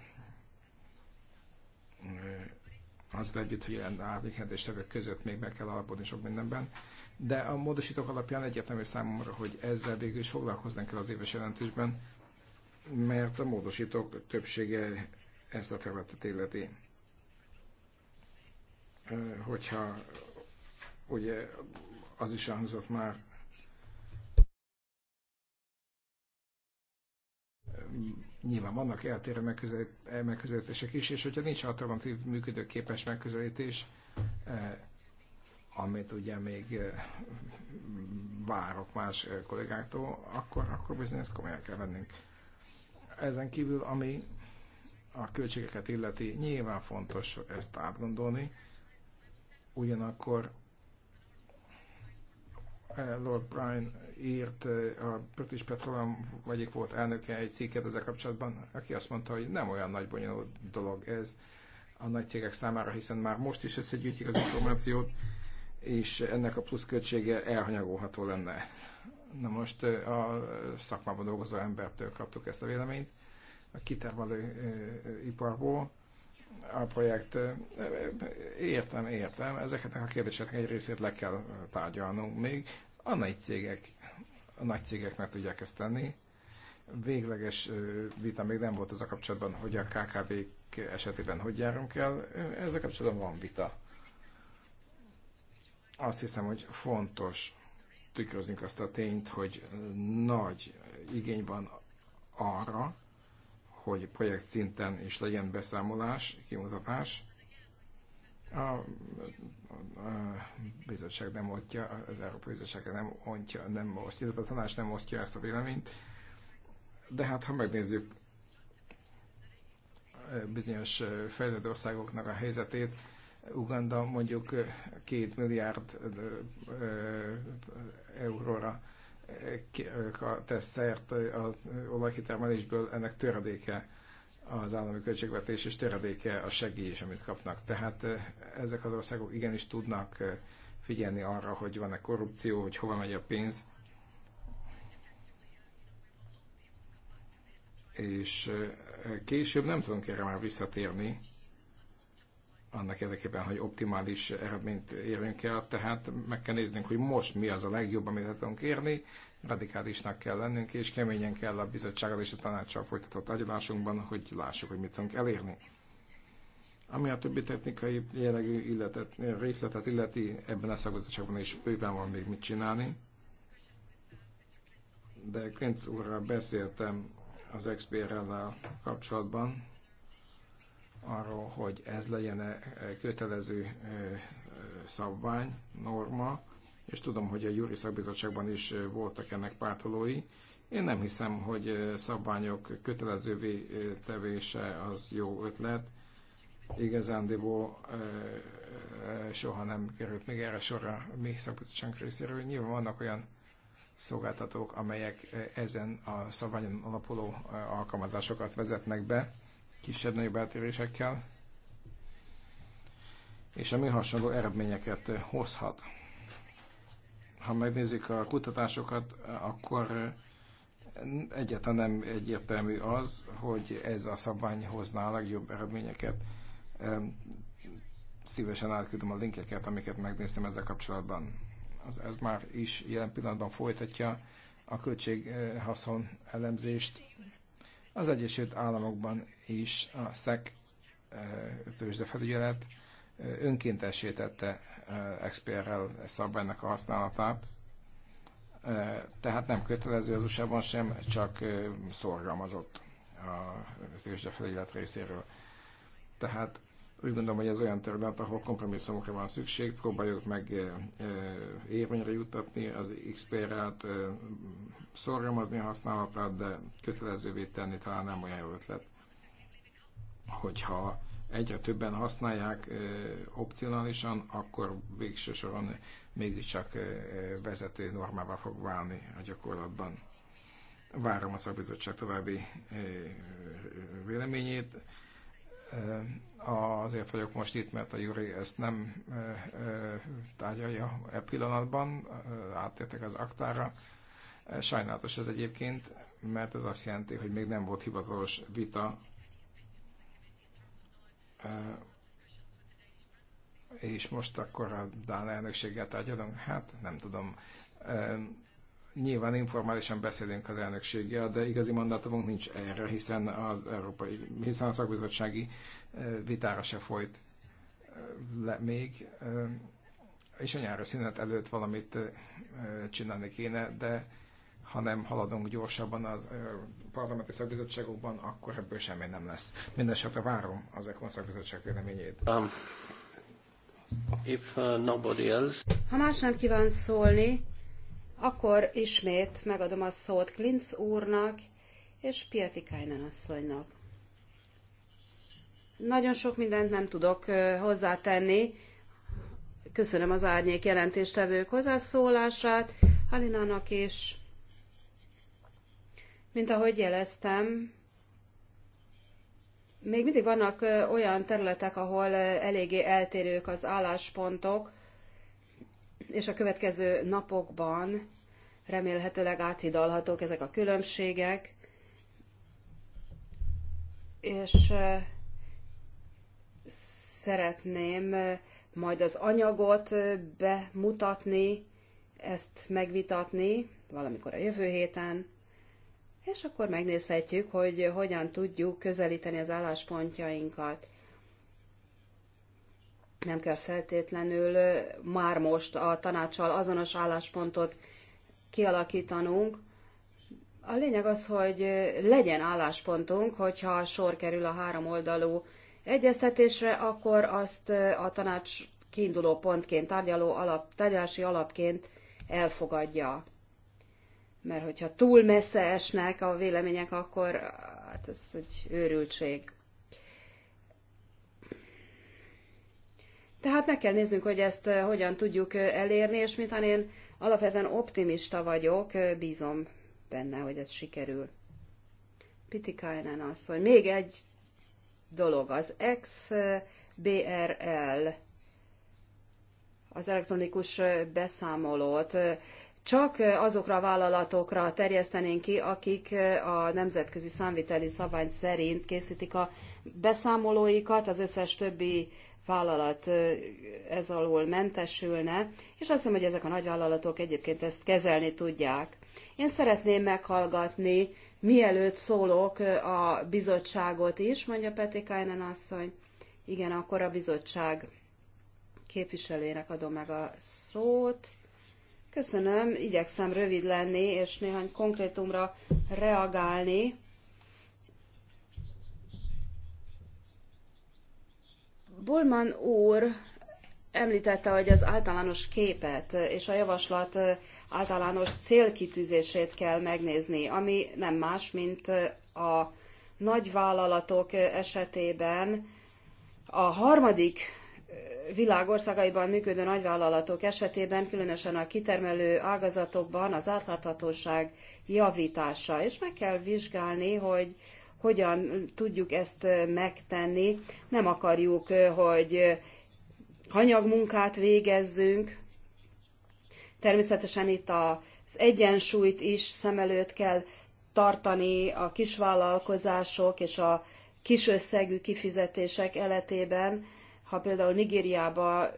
B: azzal együtt, hogy árnyékjelentéstevők között még meg kell alapodni sok mindenben. De a módosítók alapján egyértelmű számomra, hogy ezzel végül is foglalkoznánk kell az éves jelentésben, mert a módosítók többsége ezt a területet illeti. Hogyha ugye az is elhangzott már, Nyilván vannak eltérő megközelítések is, és hogyha nincs alternatív működőképes megközelítés, eh, amit ugye még eh, várok más eh, kollégáktól, akkor, akkor bizony ezt komolyan kell vennünk. Ezen kívül, ami a költségeket illeti, nyilván fontos ezt átgondolni, ugyanakkor Lord Brian írt eh, a British Petroleum egyik volt elnöke egy cikket ezzel kapcsolatban, aki azt mondta, hogy nem olyan nagy bonyolult dolog ez a nagy cégek számára, hiszen már most is összegyűjtik az információt, és ennek a pluszköltsége elhanyagolható lenne. Na most eh, a szakmában dolgozó embertől kaptuk ezt a véleményt, a kitermelő eh, iparból, a projekt. Értem, értem, ezeknek a kérdéseknek egy részét le kell tárgyalnunk még, a nagy cégek, a nagy cégek meg tudják ezt tenni. Végleges vita még nem volt az a kapcsolatban, hogy a kkv esetében hogy járunk el. Ezzel kapcsolatban van vita. Azt hiszem, hogy fontos tükrözni azt a tényt, hogy nagy igény van arra, hogy projekt szinten is legyen beszámolás, kimutatás, a, a, a bizottság nem osztja, az Európai Bizottság nem, ottja, nem osztja, a tanács nem osztja ezt a véleményt. De hát, ha megnézzük bizonyos fejlődő országoknak a helyzetét, Uganda mondjuk két milliárd euróra tesz szert az olajkitermelésből, ennek töredéke az állami költségvetés és töredéke a segély is, amit kapnak. Tehát ezek az országok igenis tudnak figyelni arra, hogy van-e korrupció, hogy hova megy a pénz, és később nem tudunk erre már visszatérni, annak érdekében, hogy optimális eredményt érjünk el, tehát meg kell néznünk, hogy most mi az a legjobb, amit el tudunk érni, radikálisnak kell lennünk, és keményen kell a bizottsággal és a tanácssal folytatott agyalásunkban, hogy lássuk, hogy mit tudunk elérni. Ami a többi technikai jellegű illetet, részletet illeti, ebben a szakbizottságban is bőven van még mit csinálni. De Klinc úrral beszéltem az xbrl rel kapcsolatban, arról, hogy ez legyen -e kötelező szabvány, norma, és tudom, hogy a Júri Szakbizottságban is voltak ennek pártolói. Én nem hiszem, hogy szabványok kötelezővé tevése az jó ötlet. Igazándiból soha nem került még erre sorra mi szakbizottság részéről. Nyilván vannak olyan szolgáltatók, amelyek ezen a szabványon alapuló alkalmazásokat vezetnek be, kisebb-nagyobb eltérésekkel, és ami hasonló eredményeket hozhat ha megnézzük a kutatásokat, akkor egyáltalán nem egyértelmű az, hogy ez a szabvány hozná a legjobb eredményeket. Szívesen átküldöm a linkeket, amiket megnéztem ezzel kapcsolatban. Az, ez már is jelen pillanatban folytatja a költséghaszon elemzést. Az Egyesült Államokban is a SEC eh, tőzsdefelügyelet eh, önkéntesítette XPRL szabványnak a használatát. Tehát nem kötelező az USA-ban sem, csak szorgalmazott a tőzsdefelélet részéről. Tehát úgy gondolom, hogy ez olyan terület, ahol kompromisszumokra van szükség, próbáljuk meg érvényre juttatni az XPR-t, szorgalmazni a használatát, de kötelezővé tenni talán nem olyan jó ötlet, hogyha egyre többen használják opcionálisan, akkor végső soron mégiscsak vezető normává fog válni a gyakorlatban. Várom a szakbizottság további véleményét. Azért vagyok most itt, mert a Juri ezt nem tárgyalja e pillanatban, átértek az aktára. Sajnálatos ez egyébként, mert ez azt jelenti, hogy még nem volt hivatalos vita és most akkor a Dán elnökséggel tárgyalunk? Hát nem tudom. Nyilván informálisan beszélünk az elnökséggel, de igazi mandátumunk nincs erre, hiszen az európai, hiszen a szakbizottsági vitára se folyt le még, és a nyári szünet előtt valamit csinálni kéne, de ha nem haladunk gyorsabban az parlamenti szakbizottságokban, akkor ebből semmi nem lesz. Mindenesetre várom az ECON szakbizottság véleményét. Um, if, uh, nobody else...
A: Ha más nem kíván szólni, akkor ismét megadom a szót Klinz úrnak és Pietikainen asszonynak. Nagyon sok mindent nem tudok hozzátenni. Köszönöm az árnyék jelentéstevők hozzászólását, Halinának és mint ahogy jeleztem, még mindig vannak olyan területek, ahol eléggé eltérők az álláspontok, és a következő napokban remélhetőleg áthidalhatók ezek a különbségek, és szeretném majd az anyagot bemutatni, ezt megvitatni valamikor a jövő héten, és akkor megnézhetjük, hogy hogyan tudjuk közelíteni az álláspontjainkat. Nem kell feltétlenül már most a tanácssal azonos álláspontot kialakítanunk. A lényeg az, hogy legyen álláspontunk, hogyha sor kerül a három oldalú egyeztetésre, akkor azt a tanács kiinduló pontként, tárgyaló alap, tárgyalási alapként elfogadja mert hogyha túl messze esnek a vélemények, akkor hát ez egy őrültség. Tehát meg kell néznünk, hogy ezt eh, hogyan tudjuk eh, elérni, és mintha én alapvetően optimista vagyok, eh, bízom benne, hogy ez sikerül. Pitikainen hogy Még egy dolog, az XBRL, az elektronikus beszámolót csak azokra a vállalatokra terjesztenénk ki, akik a nemzetközi számviteli szabvány szerint készítik a beszámolóikat, az összes többi vállalat ez alól mentesülne, és azt hiszem, hogy ezek a nagyvállalatok egyébként ezt kezelni tudják. Én szeretném meghallgatni, mielőtt szólok a bizottságot is, mondja Peti Kájnen asszony. Igen, akkor a bizottság képviselőjének adom meg a szót. Köszönöm, igyekszem rövid lenni, és néhány konkrétumra reagálni. Bulman úr említette, hogy az általános képet és a javaslat általános célkitűzését kell megnézni, ami nem más, mint a nagyvállalatok esetében a harmadik világországaiban működő nagyvállalatok esetében, különösen a kitermelő ágazatokban az átláthatóság javítása. És meg kell vizsgálni, hogy hogyan tudjuk ezt megtenni. Nem akarjuk, hogy hanyagmunkát végezzünk. Természetesen itt az egyensúlyt is szem előtt kell tartani a kisvállalkozások és a kisösszegű kifizetések eletében ha például Nigériába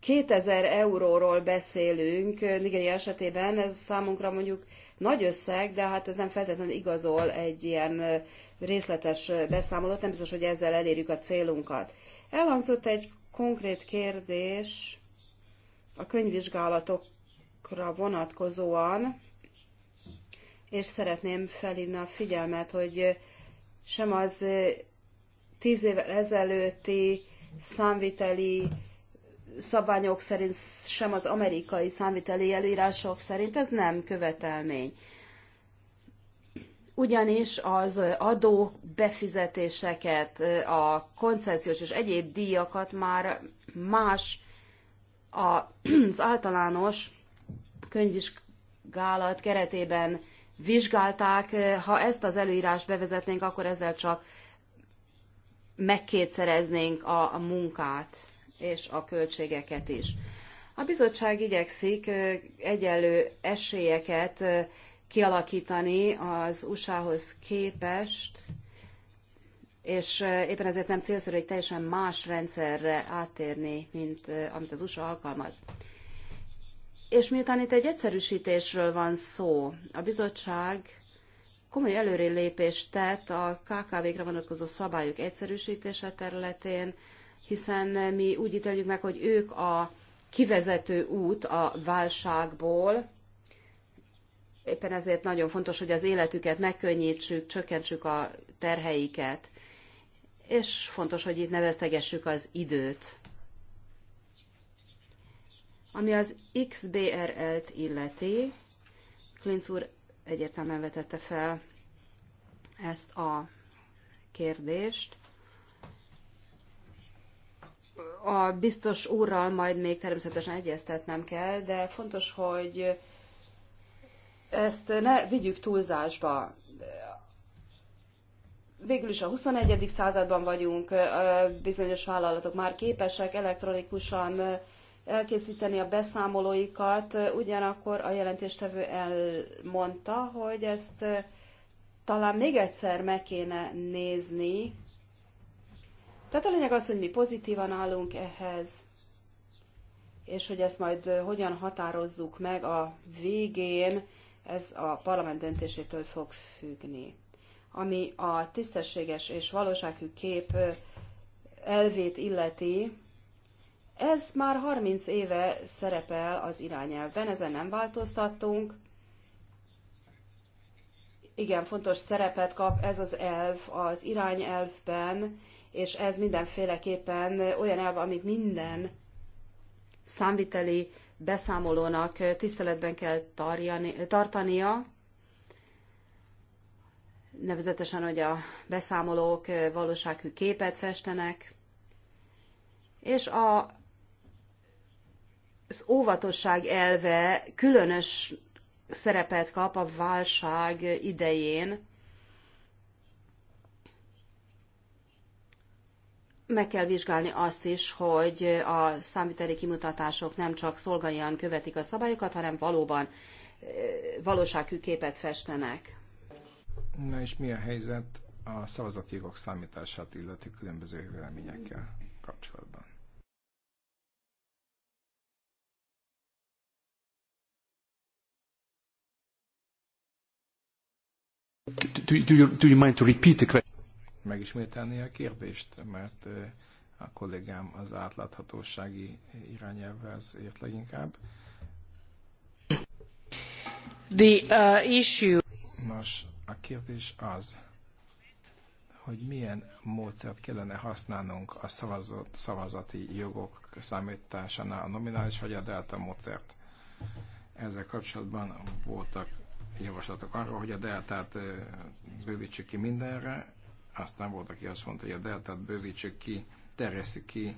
A: 2000 euróról beszélünk, Nigeria esetében ez számunkra mondjuk nagy összeg, de hát ez nem feltétlenül igazol egy ilyen részletes beszámolót, nem biztos, hogy ezzel elérjük a célunkat. Elhangzott egy konkrét kérdés a könyvvizsgálatokra vonatkozóan, és szeretném felhívni a figyelmet, hogy sem az tíz évvel ezelőtti számviteli szabályok szerint, sem az amerikai számviteli előírások szerint ez nem követelmény. Ugyanis az adó befizetéseket, a koncesziós és egyéb díjakat már más az általános könyvvizsgálat keretében vizsgálták. Ha ezt az előírást bevezetnénk, akkor ezzel csak megkétszereznénk a, a munkát és a költségeket is. A bizottság igyekszik egyenlő esélyeket kialakítani az USA-hoz képest, és éppen ezért nem célszerű egy teljesen más rendszerre áttérni, mint amit az USA alkalmaz. És miután itt egy egyszerűsítésről van szó, a bizottság komoly előrelépést tett a KKV-kra vonatkozó szabályok egyszerűsítése területén, hiszen mi úgy ítéljük meg, hogy ők a kivezető út a válságból, éppen ezért nagyon fontos, hogy az életüket megkönnyítsük, csökkentsük a terheiket, és fontos, hogy itt neveztegessük az időt. Ami az XBRL-t illeti, Klinc úr egyértelműen vetette fel ezt a kérdést. A biztos úrral majd még természetesen egyeztetnem kell, de fontos, hogy ezt ne vigyük túlzásba. Végül is a 21. században vagyunk, bizonyos vállalatok már képesek elektronikusan elkészíteni a beszámolóikat, ugyanakkor a jelentéstevő elmondta, hogy ezt talán még egyszer meg kéne nézni. Tehát a lényeg az, hogy mi pozitívan állunk ehhez, és hogy ezt majd hogyan határozzuk meg a végén, ez a parlament döntésétől fog függni. Ami a tisztességes és valósághű kép elvét illeti, ez már 30 éve szerepel az irányelvben, ezen nem változtattunk. Igen, fontos szerepet kap ez az elv az irányelvben, és ez mindenféleképpen olyan elv, amit minden számviteli beszámolónak tiszteletben kell tarjani, tartania, nevezetesen, hogy a beszámolók valósághű képet festenek, és a az óvatosság elve különös szerepet kap a válság idején. Meg kell vizsgálni azt is, hogy a számviteli kimutatások nem csak szolgálján követik a szabályokat, hanem valóban eh, valóságű képet festenek.
B: Na és mi a helyzet a szavazatjogok számítását illető különböző véleményekkel kapcsolatban? Do, do, you, do you mind to repeat the question? Megismételni a kérdést, mert eh, a kollégám az átláthatósági az ért leginkább.
A: The
B: uh, issue. Nos, a kérdés az, hogy milyen módszert kellene használnunk a szavazott, szavazati jogok számításánál, a nominális vagy a delta módszert. Ezzel kapcsolatban voltak javaslatok arról, hogy a deltát bővítsük ki mindenre, aztán volt, aki azt mondta, hogy a deltát bővítsük ki, terjesszük ki